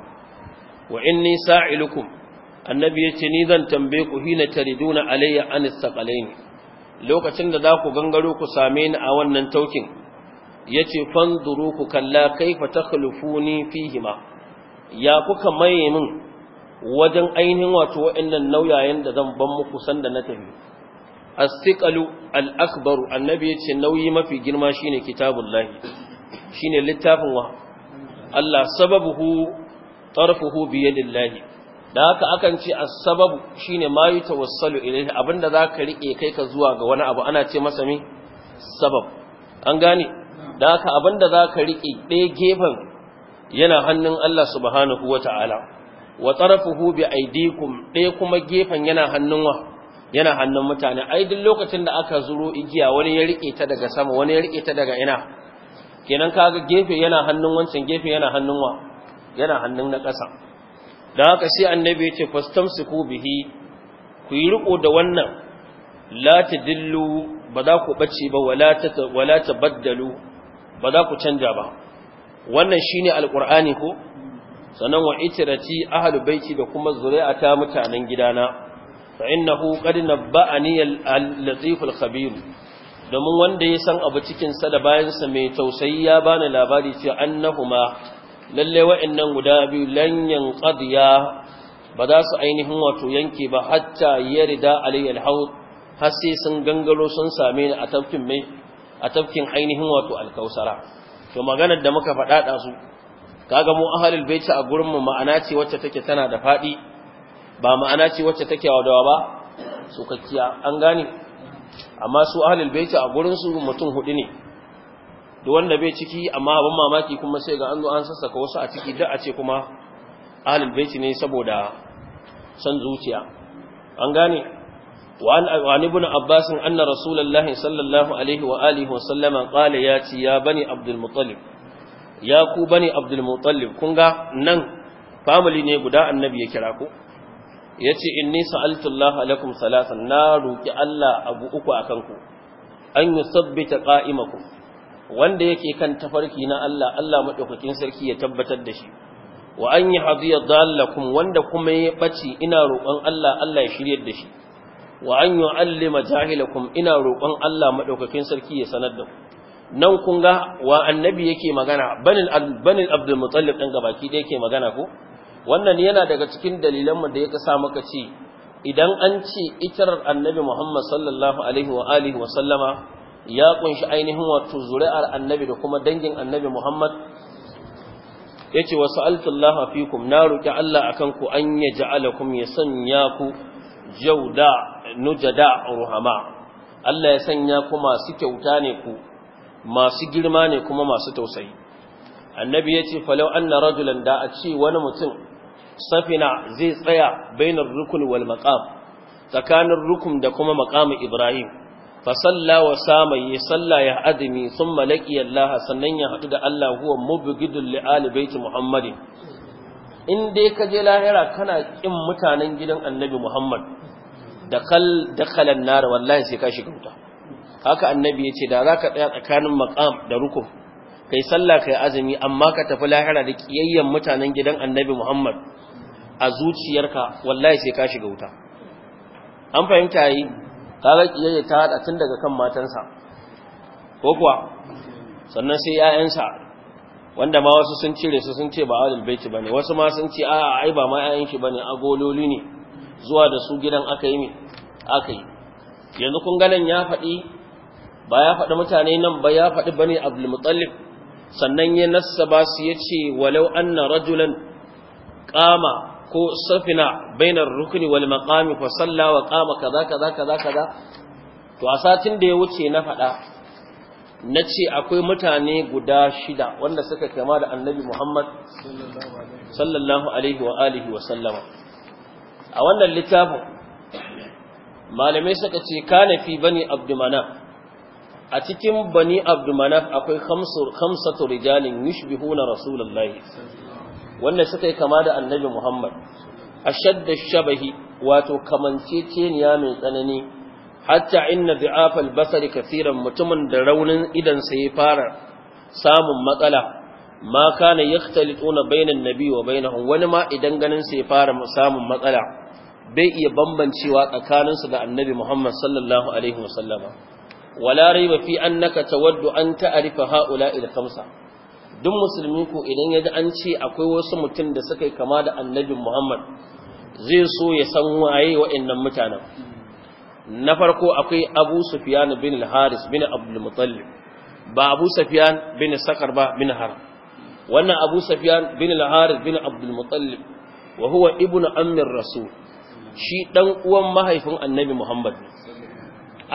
wa inni sa'ilukum annabi ya ce ni zan tambaye ku hina tariduna alayya an saqalaini lokacin da za ku gangaro ku same ni a wannan taukin yace fanzuru ku kalla kaifa takhlufuni fihima ya kuka maye min wajen ainihin wato wa'annan nauyayen da zan ban muku sanda na tafi as-siqalu al-akbar annabi yace nauyi mafi girma shine kitabullahi shine littafin wa Allah sababuhu tarfuhu bi yadillahi da haka akan ce as-sababu shine ma yatawassalu ilayhi abinda zaka rike kai ka zuwa ga wani abu ana ce masa me sabab an gane da haka abinda zaka rike ɗaya gefen yana hannun Allah subhanahu wataala wa tsarafuhu bi aidikum ɗaya kuma gefen yana hannun wa yana hannun mutane ai duk lokacin da aka zuro igiya wani ya rike ta daga sama wani ya rike ta daga ina kenan kaga gefe yana hannun wancan gefe yana hannun wa yana hannun na ƙasa dan haka sai annabi yace fastamsiku bihi ku yi riko da wannan la tadillu ba za ku bace ba wala ta wala tabaddalu ba za ku canja ba wannan shine alqur'ani ko sannan wa itirati ahlul baiti da kuma zuri'ata mutanen gidana fa innahu qad nabba'ani al-latif al-khabir domin wanda ya san abu cikin sa da bayan sa mai tausayi ya bani labari cewa annahuma lalle wa'annan guda biyu lan yanqadiya ba za su ainihin wato yanke ba hatta yarda alayhi al haud har sun gangaro sun same ni a tafkin mai a tafkin ainihin wato al-kausara to maganar da muka faɗaɗa su kaga mu ahlul baiti a gurin mu ma'ana ce wacce take tana da fadi ba ma'ana ce wacce take wadawa ba Su sukakkiya an gane amma su ahlul baiti a gurin su mutum hudu ne duk wanda bai ciki amma abin mamaki kuma sai ga an zo an sassaka wasu a ciki da a ce kuma ahlul baiti ne saboda san zuciya an gane وعن ابن عباس أن رسول الله صلى الله عليه وآله وسلم قال ياتي يا بني عبد المطلب ya ku bane abdul mutallib kun ga nan family ne guda annabi ya kira ku yace inni sa'altu allaha lakum salasan na roki Allah abu uku akan ku an yusabbita qa'imakum wanda yake kan tafarki na Allah Allah madaukakin sarki ya tabbatar da shi wa an yahdiya dallakum wanda kuma ya ɓaci ina roƙon Allah Allah ya shiryar da shi wa an yu'allima jahilakum ina roƙon Allah madaukakin sarki ya sanar da ku nan kun ga wa annabi yake magana banin abdul mutallib ɗin gabaki da yake magana ko wannan yana daga cikin dalilan mu da ya kasa maka ce idan an ce itarar annabi Muhammad sallallahu alaihi wa alihi wa sallama ya kunshi ainihin wato zuri'ar annabi da kuma dangin annabi Muhammad yace wa sa'altullaha fikum na roki Allah akan ku an ya yaj'alakum ya sanya ku jawda nujada ruhama Allah ya sanya ku masu kyauta ne ku masu girma ne kuma masu tausayi annabi ya ce falau an na rajulan da a ce wani mutum safina zai tsaya bainar rukun wal maqam tsakanin rukun da kuma maqamin ibrahim fa salla wa sama yi salla ya adami sun malaki allah sannan ya haɗu da allah huwa mubghidul li ali baiti muhammadin in dai ka je lahira kana kin mutanen gidan annabi muhammad da kal dakhalan nar wallahi sai ka shiga wuta haka annabi ya ce da za ka tsaya tsakanin makam da ruku kai sallah kai azumi amma ka tafi lahira da kiyayyen mutanen gidan annabi muhammad a zuciyarka wallahi sai ka shiga wuta an fahimta yi kaga kiyayya ta hada tun daga kan matansa ko kuwa sannan sai 'ya'yansa wanda ma wasu sun cire su sun ce ba adal baiti bane wasu ma sun ce a ai ba ma 'ya'yan shi bane agololi ne zuwa da su gidan aka yi aka yi yanzu kun ganin ya faɗi ba ya faɗi mutane nan ba ya faɗi bane abul mutallif sannan ya ba su yace walau anna rajulan qama ko safina bainar rukni wal maqami fa salla wa qama kaza kaza kaza kaza to a satin da ya wuce na faɗa nace akwai mutane guda shida wanda suka kama da annabi Muhammad sallallahu alaihi wa alihi wa sallama a wannan littafin malamai suka ce kana fi bani abdumana a cikin bani abdumanaf akwai khamsatu rijalin na rasulullahi wanda suka yi kama da annabi muhammad ashadda shabahi wato kamanceceniya mai tsanani hatta inna bi'afal basari kafiran mutumin da raunin idan sa ya fara samun matsala ma kana yaktalituna bainan nabi wa bainahum wani ma idan ganin sa ya fara samun matsala bai iya bambancewa tsakaninsa da annabi muhammad sallallahu alaihi wasallama wala raiba fi annaka tawaddu an ta'rifa haula il khamsa duk musulmi ko idan yaji an ce akwai wasu mutum da suka kama da annabi Muhammad zai so ya san waye wa'annan mutanen na farko akwai Abu Sufyan bin al-Haris bin Abdul Muttalib ba Abu Sufyan bin Sakar ba bin Har wannan Abu Sufyan bin al-Haris bin Abdul Muttalib wa huwa ibnu ammi rasul shi dan uwan mahaifin annabi Muhammad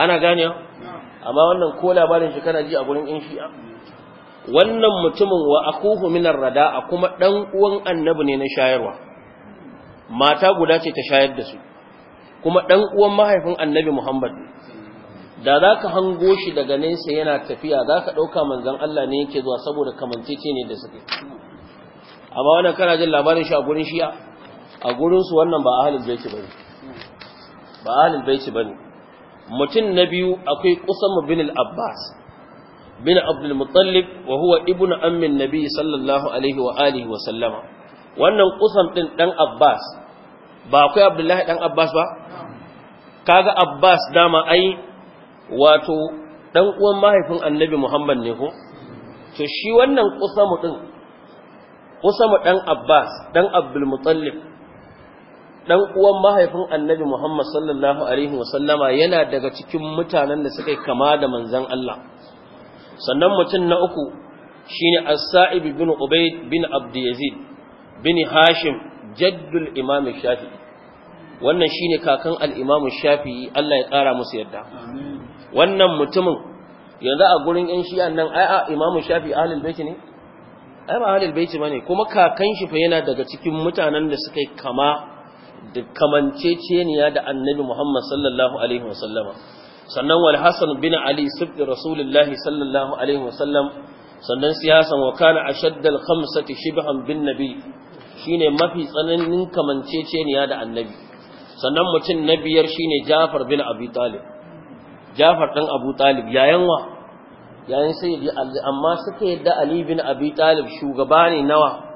ana gane amma wannan ko labarin shi kana ji a gurin in wannan mutumin wa akuhu minar rada'a kuma dan uwan annabi ne na shayarwa mata guda ce ta shayar da su kuma dan uwan mahaifin annabi Muhammad da zaka hango shi daga nesa yana tafiya zaka dauka manzon Allah ne yake zuwa saboda kamancece ne da suke amma wannan kana jin labarin shi a gurin shi'a a gurin su wannan ba ahlul baiti bane ba ahlul baiti bane mutum na biyu akwai Usama bin al-Abbas bin Abdul Muttalib wa huwa ibnu ammin Nabi sallallahu alaihi wa alihi wa sallama wannan kusan din dan Abbas ba akwai Abdullahi dan Abbas ba kaga Abbas dama ai wato dan uwan mahaifin Annabi Muhammad ne ko to shi wannan Usama din Usama dan Abbas dan Abdul Muttalib dan uwan mahaifin annabi Muhammad sallallahu alaihi wasallama yana daga cikin mutanen da suka kama da manzon Allah sannan mutum na uku shine as-sa'ib bin ubayd bin abd yazid bin hashim jaddul imam shafi'i wannan shine kakan al-imam shafi'i Allah ya kara musu yadda wannan mutumin yanzu a gurin yan shi nan ai imam shafi'i ahlul bait ne ai ba ahlul bait bane kuma kakan shi fa yana daga cikin mutanen da suka kama da kamanceceniya da annabi Muhammad sallallahu alaihi wasallama sannan wal Hassan bin Ali sibdi Rasulullahi sallallahu alaihi wasallam sannan siyasan wa kana ashaddal khamsati shibhan bin nabi shi ne mafi tsananin kamanceceniya da annabi sannan mutum na biyar shi ne Ja'far bin Abi Talib Ja'far dan Abu Talib yayan wa yayin sai amma suka yadda Ali bin Abi Talib shugaba ne nawa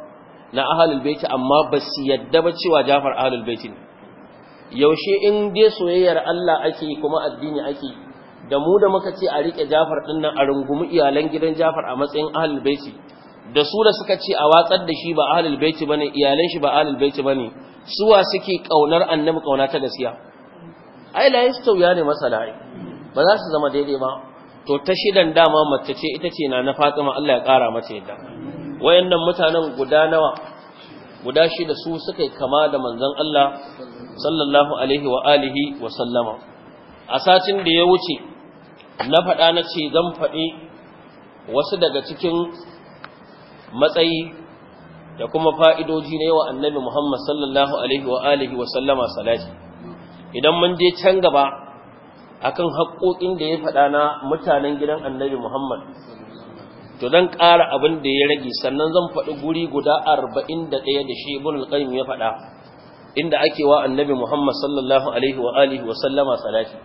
na ahalul baiti amma ba su yadda ba cewa Jafar ahalul baiti ne yaushe in dai soyayyar Allah ake kuma addini ake da mu da muka ce a rike Jafar din a rungumi iyalan gidan Jafar a matsayin ahalul baiti da su da suka ce a watsar da shi ba ahalul baiti bane iyalan shi ba ahalul baiti bane suwa suke kaunar annabi kauna ta gaskiya ai la ya ne masala ba za su zama daidai ba to ta shidan dama mace ce ita ce na na Fatima Allah ya kara mata yadda wayannan mutanen guda nawa guda shi da su suka kama da manzon Allah sallallahu alaihi wa alihi wa sallama a satin da ya wuce na faɗa na ce zan faɗi wasu daga cikin matsayi da kuma fa'idoji na yawa annabi Muhammad sallallahu alaihi wa alihi wa sallama salati idan mun je can gaba akan haƙoƙin da ya faɗa na mutanen gidan annabi Muhammad to dan ƙara abin da ya rage sannan zan faɗi guri guda arba'in da ɗaya da shi ibn al-qayyim ya faɗa inda ake wa annabi muhammad sallallahu alaihi wa alihi wa sallama salati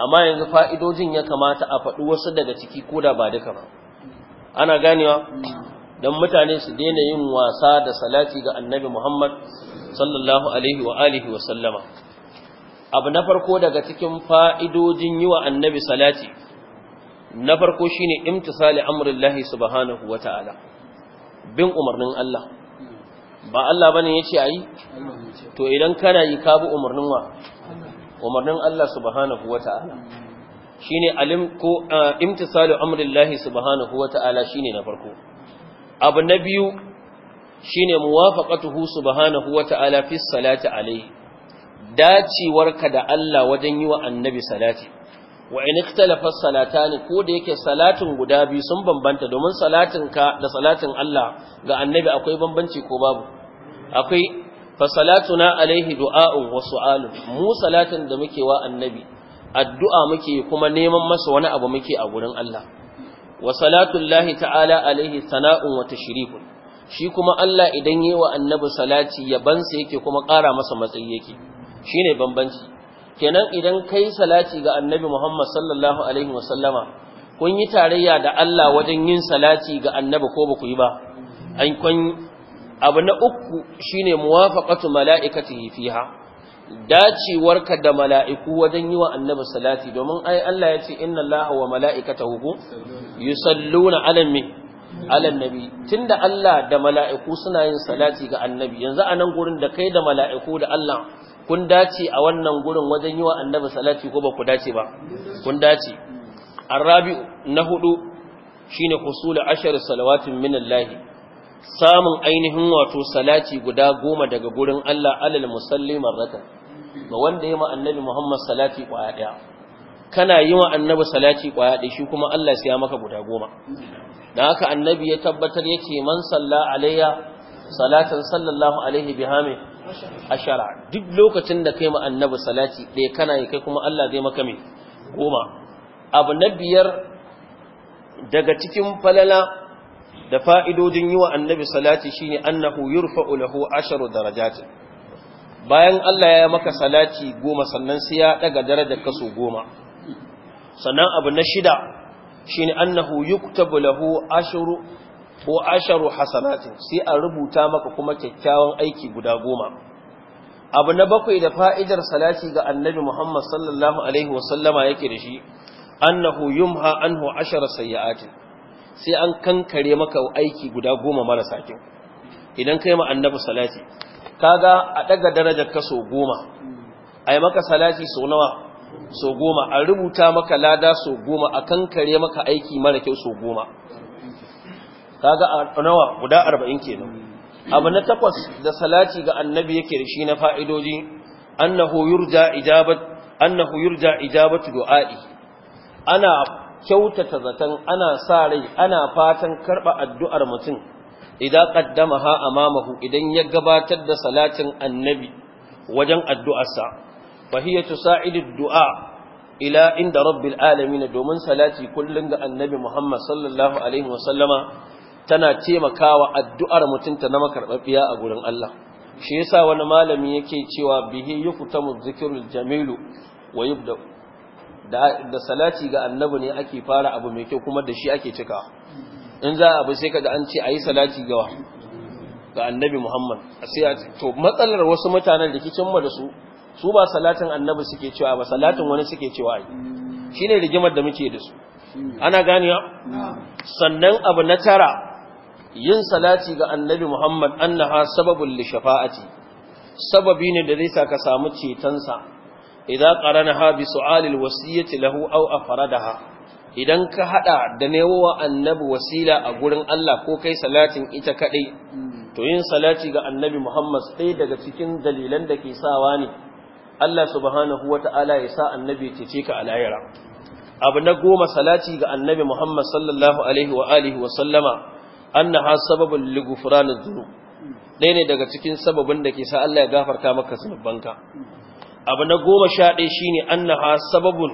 amma yanzu fa'idojin ya kamata a faɗi wasu daga ciki ko da ba duka ba ana ganewa dan mutane su daina yin wasa da salati ga annabi muhammad sallallahu alaihi wa alihi wa sallama abu na farko daga cikin fa'idojin yi wa annabi salati na farko shine imtisali su subhanahu wataala bin umarnin Allah ba Allah bane yace ayi to idan kana yi ka bi umarnin wa umarnin Allah subhanahu wataala shine alim ko imtisalu amrillahi subhanahu wataala shine na farko abu na biyu shine muwafaqatuhu subhanahu wataala fi salati alayhi dacewarka da Allah wajen yi wa annabi salati wa in ikhtalafa salatani ko da yake salatin guda biyu sun bambanta domin salatin ka da salatin Allah ga annabi akwai bambanci ko babu akwai fa salatuna alaihi du'a'un wa su'alun mu salatin da muke wa annabi addu'a muke kuma neman masa wani abu muke a gurin Allah wa lahi ta'ala alaihi sana'un wa tashrifun shi kuma Allah idan yayi wa annabi salati yabansa yake kuma ƙara masa matsayi yake shine bambanci kenan idan kai salati ga annabi Muhammad sallallahu alaihi wasallama kun yi tarayya da Allah wajen yin salati ga annabi ko ba ku yi ba an kun abu na uku shine muwafaqatu mala'ikatihi fiha dacewarka da mala'iku wajen yi wa annabi salati domin ai Allah ya ce inna Allaha wa mala'ikatahu yusalluna ala mi ala nabi tunda Allah da mala'iku suna yin salati ga annabi yanzu anan gurin da kai da mala'iku da Allah kun dace a wannan gurin wajen yiwa wa annabi salati ko ba ku dace ba kun dace arabi na hudu shine husul ashar salawatin min Allah samun ainihin wato salati guda goma daga gurin Allah alal musalli marrata ba wanda yi ma annabi Muhammad salati kwaya daya kana yi annabi salati kwaya daya shi kuma Allah sai ya maka guda goma dan haka annabi ya tabbatar yake man salla alayya Salatin sallallahu alaihi bihame ashara duk lokacin da kai ma annabi salati ɗaya kana yi kai kuma Allah zai maka mai goma abu na biyar daga cikin falala da fa'idodin yi wa annabi salati shine annahu yurfa'u lahu asharu darajatin bayan Allah ya maka salati goma sannan sai ya daga darajar kaso goma sannan abu na shida shine annahu yuktabu lahu asharu ko asharu hasanatin sai a rubuta maka kuma kyakkyawan aiki guda goma abu na bakwai da fa'idar salati ga annabi Muhammad sallallahu alaihi wasallama yake da shi annahu yumha anhu ashara sayyi'atin sai an kankare maka aiki guda goma marasa kyau idan kai ma annabi salati kaga a daga darajar ka so goma ai maka salati so nawa so goma a rubuta maka lada so goma a kankare maka aiki mara kyau so goma kaga nawa guda 40 kenan abu na takwas da salati ga annabi yake da shi na fa'idoji annahu yurja ijabat annahu yurja ijabatu du'a'i ana kyautata zaton ana sa rai ana fatan karba addu'ar mutum idan qaddamaha amamahu idan ya gabatar da salatin annabi wajen addu'arsa fahiyatu sa'idud du'a ila inda rabbil alamin domin salati kullun ga annabi Muhammad sallallahu alaihi sallama. tana taimakawa addu'ar mutum ta zama karɓaɓɓiya a gurin Allah shi yasa wani malami yake cewa bihi yuftamu dhikrul jamilu wa yubda da salati ga annabi ne ake fara abu mai kyau kuma da shi ake cika in za abu sai kaga an ce ayi salati ga ga annabi Muhammad sai to matsalar wasu mutanen da kicin mu da su su ba salatin annabi suke cewa ba salatin wani suke cewa ai shine rigimar da muke da su ana ganewa sannan abu na tara yin salati ga annabi Muhammad annaha sababul li shafa'ati sababi ne da zai sa ka samu cetonsa idan qaranaha bi su'alil wasiyati lahu aw afradaha idan ka hada da newowa annabi wasila a gurin Allah ko kai salatin ita kadai to yin salati ga annabi Muhammad sai daga cikin dalilan da ke sawa ne Allah subhanahu wata'ala ya sa annabi cece ka a abu na goma salati ga annabi Muhammad sallallahu alaihi wa alihi wa sallama annaha sababul lighfranidh dhunub ɗaya ne daga cikin sababin da ke sa Allah ya gafarta maka zunubanka abu na goma sha ɗaya shine annaha sababun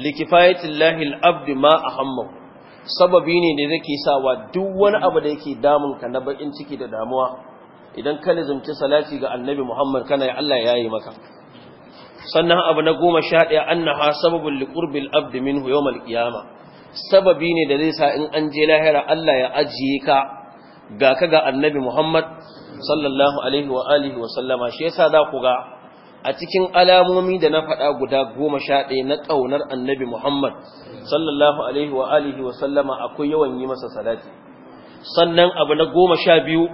likifayatillahi lahil abd ma ahammu sababi ne da yake sawa duk wani abu da yake damun ka na bakin ciki da damuwa idan ka lazumci salati ga annabi Muhammad kana ya Allah yayi maka sannan abu na 11 annaha sababul liqurbil abd minhu yawm al-qiyamah sababi ne da zai sa in an je lahira Allah ya ajiye ka ga ka ga annabi Muhammad sallallahu alaihi wa alihi wa sallama shi yasa za ku ga a cikin alamomi da na faɗa guda goma sha ɗaya na ƙaunar annabi Muhammad sallallahu alaihi wa alihi wa sallama akwai yawan yi masa salati sannan abu na goma sha biyu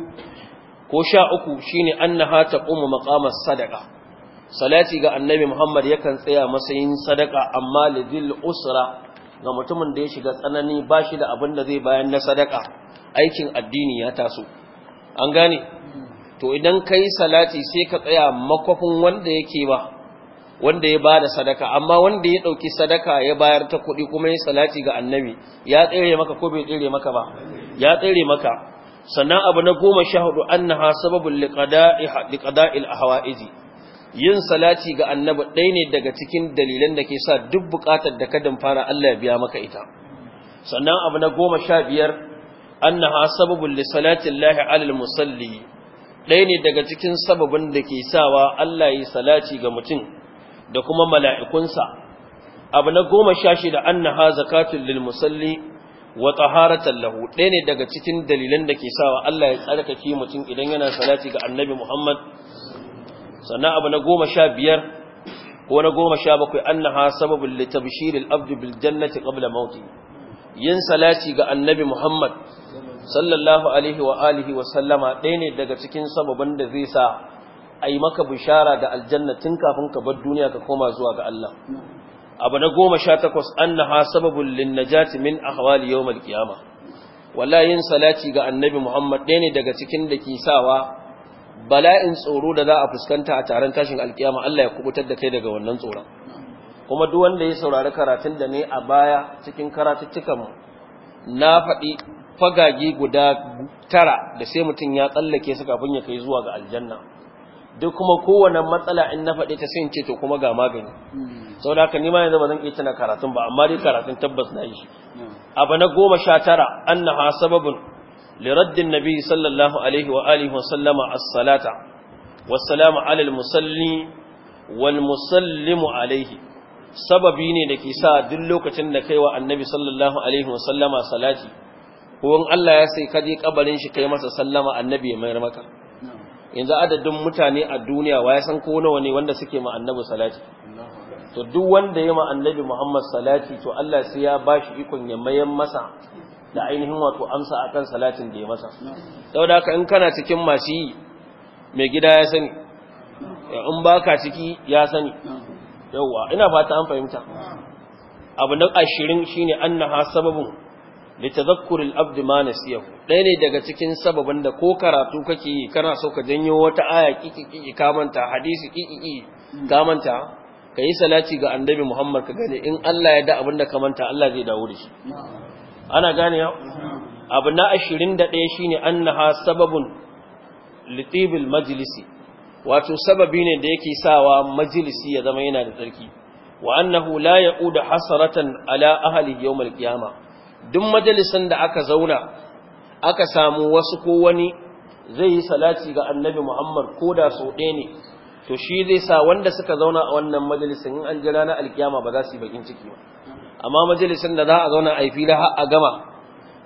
ko sha uku shine annaha taqumu maƙamar sadaqa salati ga annabi Muhammad yakan tsaya matsayin sadaka amma lidil usra ga mutumin da ya shiga tsanani ba shi da abin da zai bayan na sadaka aikin addini ya taso an gane to idan ka yi salati sai ka tsaya makwafin wanda yake ba wanda ya bada sadaka amma wanda ya ɗauki sadaka ya bayar ta kuɗi kuma ya salati ga annabi ya tsere maka ko bai tsere maka ba ya tsere maka sannan abu na goma sha hudu annaha sababul liqada'i liqada'il ahwa'izi yin salati ga annabi ɗaya ne daga cikin dalilan da ke sa duk buƙatar da kadin fara Allah ya biya maka ita sannan abu na goma sha biyar annaha sababul li salatin lahi alal musalli ɗaya ne daga cikin sababin da ke sawa Allah ya salati ga mutum da kuma mala'ikunsa abu na goma sha shida annaha zakatun, lil musalli wa taharatan lahu ɗaya ne daga cikin dalilan da ke sawa Allah ya tsarkake mutum idan yana salati ga annabi Muhammad sannan abu na goma sha biyar ko na goma sha bakwai annaha sababin litabshiril abdu bil jannati qabla mauti yin salati ga annabi muhammad sallallahu alaihi wa alihi wa sallama ɗaya ne daga cikin sababan da zai sa a yi maka bishara da aljanna tun kafin ka bar duniya ka koma zuwa ga Allah abu na goma sha takwas annaha sababul linnajati min ahwali yawmal qiyamah Wala yin salati ga annabi Muhammad ɗaya ne daga cikin da ke sawa bala'in tsoro da za a fuskanta a taron tashin alkiyama Allah ya kubutar da kai daga wannan tsoron kuma duk wanda ya saurari karatun da ne a baya cikin karatuttukan mu na faɗi fagage guda tara da sai mutum ya tsallake su kafin ya kai zuwa ga aljanna duk kuma kowane matsala in na faɗi ta sai in to kuma ga magani saboda haka ni ma yanzu ba zan iya tana karatun ba amma dai karatun tabbas na yi hmm. abu na goma sha tara an annaha sababin لرد النبي صلى الله عليه وآله وسلم الصلاة والسلام على المسلم والمسلم عليه sababi ne da ke sa duk lokacin da kaiwa annabi sallallahu alaihi wasallama salati ko Allah ya sai je kabarin shi kai masa sallama annabi ya mayar maka yanzu adadin mutane a duniya wa ya san ko nawa ne wanda suke ma annabi salati to duk wanda ya ma annabi Muhammad salati to Allah sai ya bashi ikon ya mayar masa da ainihin wato amsa akan salatin da ya masa Sau haka in kana cikin masu yi mai gida ya sani in ba ka ciki ya sani yawwa ina fata an fahimta abu na ashirin shine annaha ta litazakkuril abdi ma siya. ɗaya ne daga cikin sababin da ko karatu kake yi kana so ka janyo wata aya kiki ka manta hadisi ka manta salati ga annabi Muhammad ka gani in Allah ya da abin da ka manta Allah zai dawo da shi ana gane ya abu na ashirin da ɗaya shine annaha sababin litibil majalisi, wato sababi ne da yake sawa majalisi ya zama yana da tsarki wa annahu la yaudu hasaratan ala ahli yawmal qiyama duk majalisan da aka zauna aka samu wasu ko wani zai yi salati ga annabi Muhammad ko da so ɗaya ne to shi zai sa wanda suka zauna a wannan majalisin in an jira na alkiyama ba za su yi bakin ciki ba amma majalisar da za a zauna a yi a gama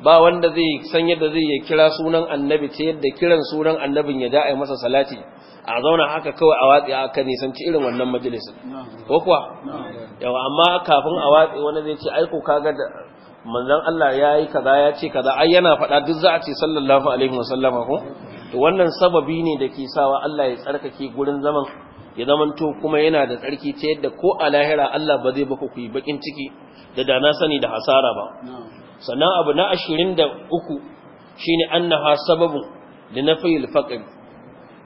ba wanda zai san yadda zai kira sunan annabi ta yadda kiran sunan annabin ya da a masa salati a zauna haka kawai a watsi a kan nisanci irin wannan majalisar. ko kuwa yawa amma kafin a watsi wani zai ce aiko kaga da manzan Allah ya yi kaza ya ce kaza ai yana faɗa duk za a ce sallallahu alaihi sallama ko to wannan sababi ne da ke sawa Allah ya tsarkake gurin zaman ya zamanto kuma yana da tsarki ta yadda ko a lahira Allah ba zai baka ku yi bakin ciki da da na sani da hasara ba sannan abu na ashirin 23 shine annaha da na nafyil faqr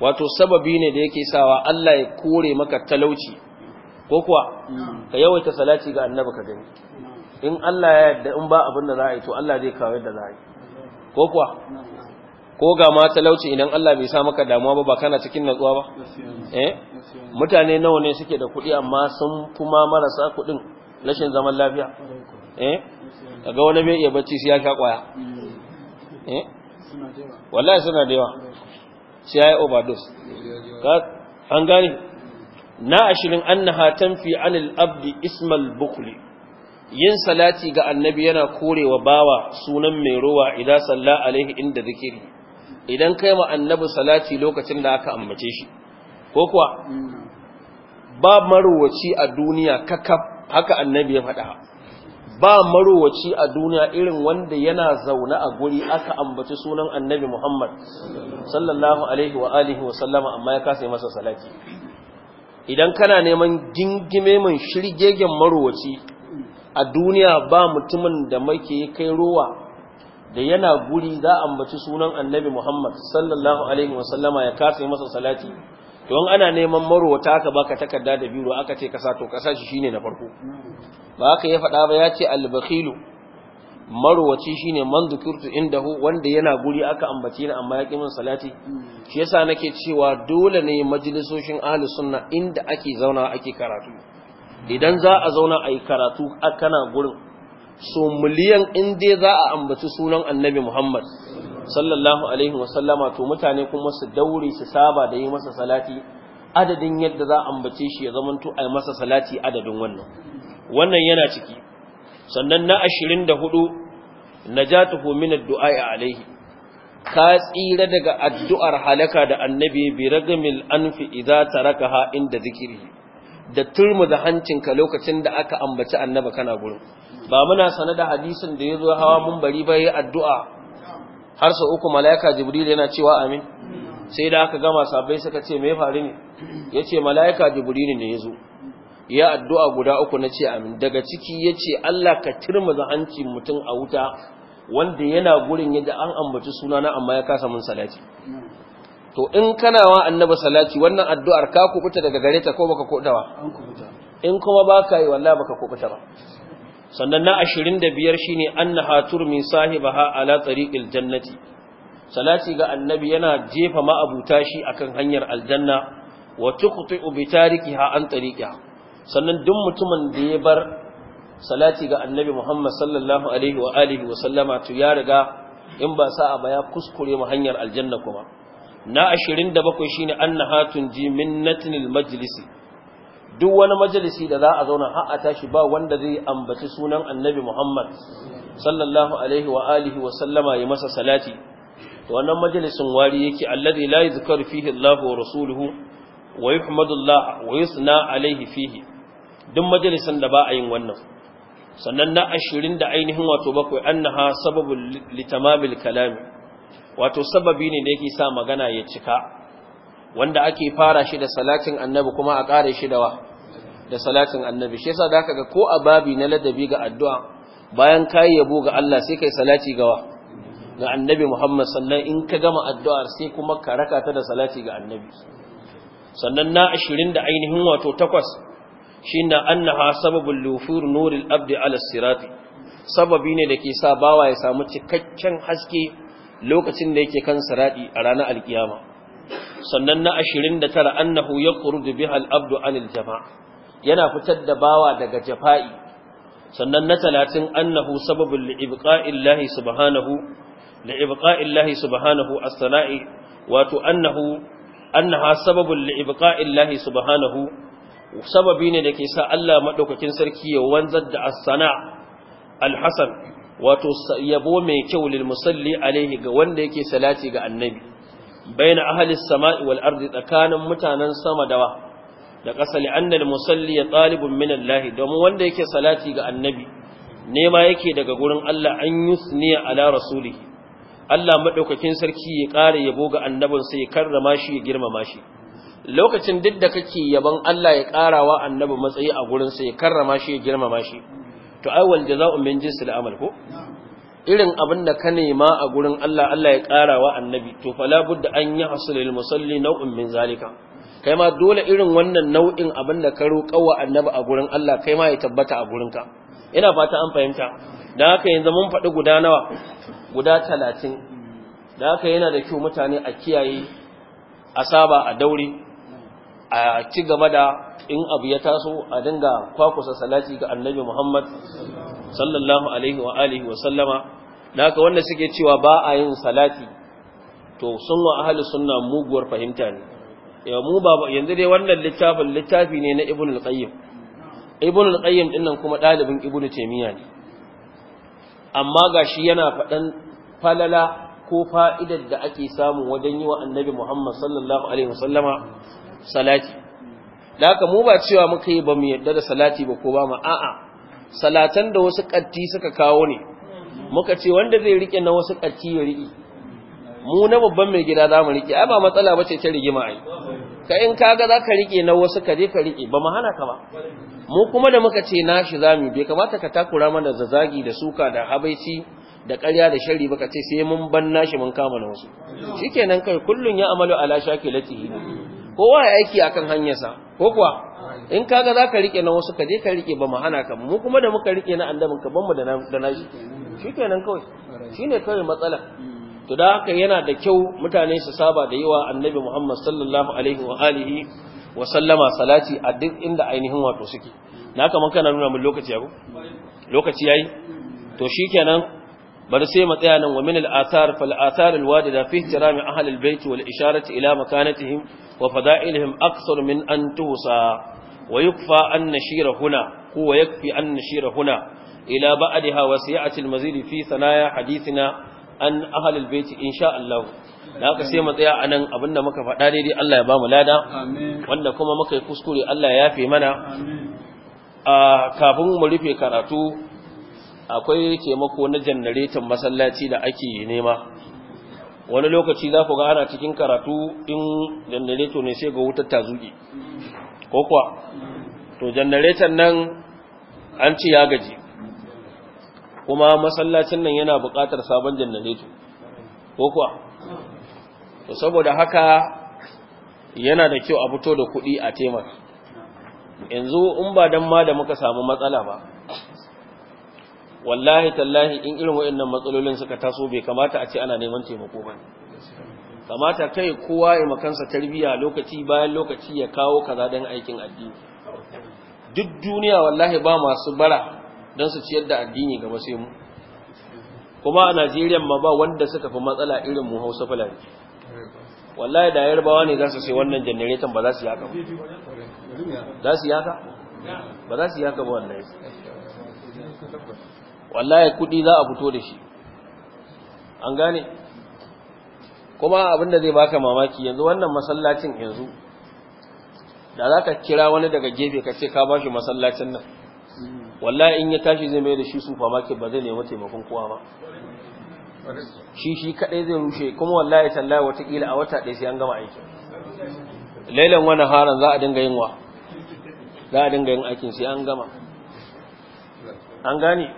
wato sababi ne da yake sawa Allah ya kore maka talauci ko kuwa ka yawaita salati ga annabi ka gani in Allah ya yarda in ba abin da za a yi to Allah zai kawo yadda za a yi ko kuwa ko ga ma talauci idan Allah bai sa maka damuwa ba ba kana cikin natsuwa ba eh mutane nawa ne suke da kuɗi amma sun kuma marasa kuɗin rashin zaman lafiya eh kaga wani bai iya bacci sai ya sha kwaya eh wallahi suna da yawa sai ya yi ka an gani na ashirin annaha tanfi anil abdi ismal bukhli yin salati ga annabi yana korewa bawa sunan mai ruwa idan salla alaihi inda zikiri idan kai ma annabi salati lokacin da aka ambace shi ko kuwa ba marowaci a duniya kakaf haka annabi ya faɗa ba marowaci a duniya irin wanda yana zaune a guri aka ambaci sunan annabi Muhammad sallallahu alaihi wa alihi wa sallama amma ya kasa masa salati idan kana neman gingime mun shirgegen marowaci a duniya ba mutumin da muke kai rowa da yana guri za a ambaci sunan annabi Muhammad sallallahu alaihi wasallama ya kasa masa salati to an ana neman marwata aka baka takarda da biro aka ce kasa to kasa shi shine na farko ba aka ya faɗa ba ya ce al marwaci shine man dhukirtu indahu wanda yana guri aka ambace ni amma ya ki min salati shi yasa nake cewa dole ne majalisoshin ahli sunna inda ake zauna ake karatu idan za a zauna ayi karatu kana gurin so miliyan in dai za a ambaci sunan annabi Muhammad sallallahu alaihi wasallama to mutane kuma su daure su saba da yi masa salati adadin yadda za a ambace shi ya zamanto a yi masa salati adadin wannan wannan yana ciki sannan na 24 najatuhu min ad-du'a alaihi ka tsira daga addu'ar halaka da annabi bi ragmil anfi idza tarakaha inda zikiri. da turmu da hancinka lokacin da aka ambaci annaba kana gurin ba muna sane da hadisin da ya zo hawa mun bari ba ya addu'a har sau uku mala'ika jibril yana cewa amin sai da aka gama sabai suka ce me faru ne ya ce mala'ika jibril ne ya zo ya addu'a guda uku na ce amin daga ciki ya ce allah ka turmu da hancin mutum a wuta wanda yana gurin yadda an ambaci sunana amma ya kasa mun salati to in kana wa annabi salati wannan addu'ar ka kubuta daga gare ta ko baka kubuta ba in kuma baka yi wallahi baka kubuta ba sannan na 25 shine annaha turmi sahibaha ala tariqil jannati salati ga annabi yana jefa ma'abuta shi akan hanyar aljanna wa tuqti'u bi tarikiha an tariqiha sannan duk mutumin da ya bar salati ga annabi Muhammad sallallahu alaihi wa alihi wa sallama to ya riga in ba sa'a ba ya kuskure mu hanyar aljanna kuma na ashirin da bakwai shi 27 shine annahatun ji minnatil majlisi duk wani majalisi da za a zauna har a tashi ba wanda zai ambaci sunan annabi Muhammad sallallahu alaihi wa alihi wa sallama ya masa salati to wannan majalisin wari yake alladhi la yuzkaru fihi Allah wa rasuluhu wa yuhmadu Allah wa yusna alaihi fihi duk majalisin da ba a yin wannan sannan na ashirin da ainihin wato bakwai annaha sababul litamamil kalami wato sababi ne da yake sa magana ya cika wanda ake fara shi da salatin annabi kuma a ƙare shi da wa da salatin annabi shi yasa zaka ga ko a babi na ladabi ga addu'a bayan kai yabo ga Allah sai kai salati ga wa ga annabi Muhammad sallallahu in ka gama addu'ar sai kuma ka raka ta da salati ga annabi sannan na 20 da ainihin wato 8 shine annaha sababul lufur nuril abdi ala sirati sababi ne da ke sa bawa ya samu cikakken haske lokacin da yake kan siradi a ranar alkiyama sannan na 29 annahu yakhruju biha al-abdu anil jama' yana fitar da bawa daga jafa'i sannan na 30 annahu sababul li'ibqa'illahi subhanahu li'ibqa'illahi subhanahu as-sana'i wato annahu annaha sababul li'ibqa'illahi subhanahu sababi ne da ke sa Allah madaukakin sarki ya wanzar da as-sana' al-hasan wato yabo mai kyau lil musalli alaihi ga wanda yake salati ga annabi baina ahli samai wal ardi tsakanin mutanen sama dawa da ƙasa li annal musalli ya talibun min Allah domin wanda yake salati ga annabi nema yake daga gurin Allah an yusni ala rasuli Allah madaukakin sarki ya ƙara yabo ga annabin sai ya karrama shi ya girmama shi lokacin duk da kake yabon Allah ya wa annabi matsayi a gurin sai ya karrama shi ya girmama shi to ai wal jaza'u min su amal ko irin abin da ka nema a gurin Allah Allah ya karawa annabi to fala budda an yi hasulil musalli nau'in min zalika kai ma dole irin wannan nau'in abin da ka wa annabi a gurin Allah kai ma ya tabbata a gurin ka ina fata an fahimta dan haka yanzu mun faɗi guda nawa guda 30 dan haka yana da kyau mutane a kiyaye a saba a daure a ci gaba da in abu ya taso a dinga kwakusa salati ga annabi Muhammad sallallahu alaihi wa alihi wa sallama naka wanda suke cewa ba a yin salati to sun wa ahli sunna muguwar fahimta ne ya mu ba yanzu dai wannan littafin littafi ne na Ibn al-Qayyim Ibn al-Qayyim din nan kuma dalibin ibnu taymiya ne amma gashi yana faɗan falala ko fa'idar da ake samu wajen yi wa annabi Muhammad sallallahu alaihi wa sallama salati da haka mu ba cewa muka yi ba mu yarda da salati ba ko ba mu a'a salatan da wasu katti suka kawo ne muka ce wanda zai rike na wasu katti ya rike mu na babban mai gida za mu rike ai ba matsala bace ta rigima ai ka in kaga za ka rike na wasu ka je ka rike ba mu hana ka ba mu kuma da muka ce nashi zamu bai kamata ka takura mana da zazagi da suka da habaici da ƙarya da shari baka ce sai mun ban nashi mun kama na wasu shikenan kai kullun ya amalu ala shakilatihi kowa ya aiki akan hanyarsa ko kuwa in kaga za ka rike na wasu ka je ka rike ba ma'ana ka mu kuma da muka rike na andamin ka ban mu da na shi kenan kawai shine kawai matsala to da haka yana da kyau mutane su saba da yawa annabi Muhammad sallallahu alaihi wa alihi wa sallama salati a duk inda ainihin wato suke na kaman kana nuna min lokaci yaro lokaci yayi to shikenan bari sai mu tsaya nan wa min al-athar fal athar al-wadida fi ihtirami ahli al-bayt wal isharati ila makanatihim wa fada'ilihim akthar min an tusa wa yukfa an nashira huna ko wa yakfi an nashira huna ila ba'daha wasi'ati al-mazid fi sanaya hadithina an ahli al-bayt insha Allah da haka sai mu tsaya anan abinda muka faɗa daidai Allah ya bamu lada wanda kuma muka yi kuskure Allah ya yafe mana a kafin mu rufe karatu akwai taimako na janareton masallaci da ake nema wani lokaci za ku ga ana cikin karatu in janareto ne sai ga wutar ta ko kuwa to janareton nan an ce ya gaji kuma masallacin nan yana buƙatar sabon janareto ko kuwa to saboda haka yana da kyau a fito da kuɗi a taimaka yanzu in ba don ma da muka samu matsala ba wallahi tallahi in irin wa'annan matsalolin suka taso bai kamata a ce ana neman taimako ba kamata kai kowa ya makansa tarbiya lokaci bayan lokaci ya kawo kaza dan aikin addini duk duniya wallahi ba masu bara don su ciyar da addini gaba sai mu kuma a Najeriya ma ba wanda suka fi matsala irin mu Hausa Fulani wallahi da yarbawa ne za su sai wannan generator ba za su yaka ba za su yaka ba za su yaka ba wallahi wallahi kuɗi za a fito da shi an gane kuma abinda zai baka mamaki yanzu wannan masallacin yanzu da za ka kira wani daga gefe ka ce ka ba shi masallacin nan wallahi in ya tashi zai mai da shi famakin ba zai nemi taimakon kowa ba shi shi kaɗai zai rushe kuma wallahi tallahi watakila a wata ɗaya sai an gama aiki. lailan wani haran za a dinga yin wa za a dinga yin aikin sai an gama an gane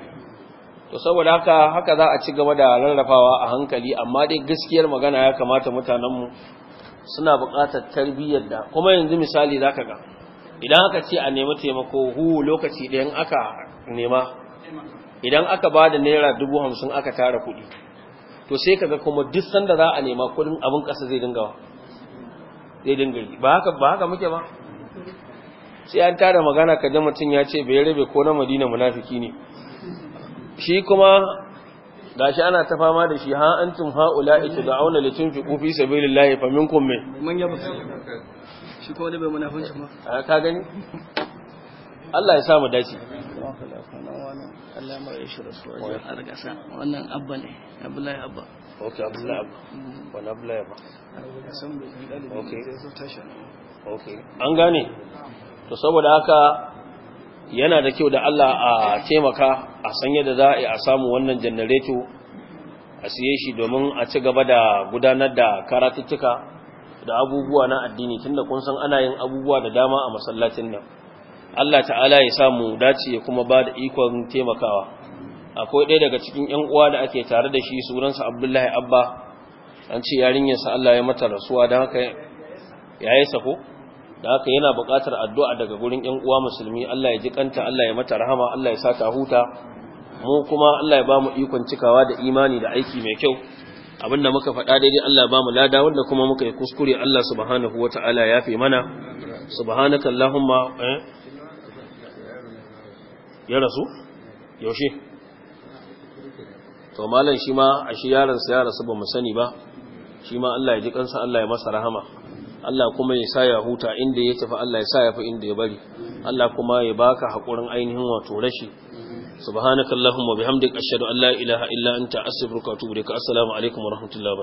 to saboda haka haka za a ci gaba da rarrafawa a hankali amma dai gaskiyar magana ya kamata mutanenmu suna buƙatar tarbiyyar da kuma yanzu misali za ka ga idan aka ce a nemi taimako hu lokaci ɗayan aka nema idan aka ba da naira dubu hamsin aka tara kuɗi to sai kaga kuma duk sanda za a nema kuɗin abin ƙasa zai dinga zai dinga yi ba haka ba haka muke ba sai an tara magana kaje mutum ya ce bai rabe ko na madina munafiki ne shi kuma shi ana ta fama da shi ha an haula'i tud'auna litunfiqu fi sabilillahi faminkum min man shi ko wani bai munafinci ma a ka gani Allah ya sa mu dace Allah mara shi rasuwa ya an gane to saboda haka yana da kyau da Allah a taimaka a sanya da za a samu wannan janareto a siye shi domin a ci gaba da gudanar da karatuttuka da abubuwa na addini tunda kun san ana yin abubuwa da dama a masallacin nan Allah ta'ala ya samu dace ya kuma ba da ikon taimakawa akwai ɗaya daga cikin 'yan uwa da ake tare da shi sunansa Abdullahi Abba an ce yarinyarsa Allah ya mata rasuwa don haka yayi sako da haka yana buƙatar addu'a daga gurin 'yan uwa musulmi Allah ya ji kanta Allah ya mata rahama Allah ya sa ta huta mu kuma Allah ya ba mu ikon cikawa da imani da aiki mai kyau abinda muka faɗa daidai Allah ba mu lada wanda kuma muka yi kuskure Allah subhanahu ta’ala ya fi mana subhanaka allahumma eh? ya rasu yaushe to malam shi ma a shi yaransa sa ya rasu ba mu sani ba shi ma Allah ya ji kansa Allah ya masa rahama Allah kuma ya sa ya huta inda ya tafi Allah ya sa ya fi inda ya bari Allah kuma ya baka haƙurin ainihin wato rashi subhanakallahumma bihamdika ashhadu an la ilaha illa anta astaghfiruka wa atubu ilaik assalamu alaikum wa rahmatullahi wa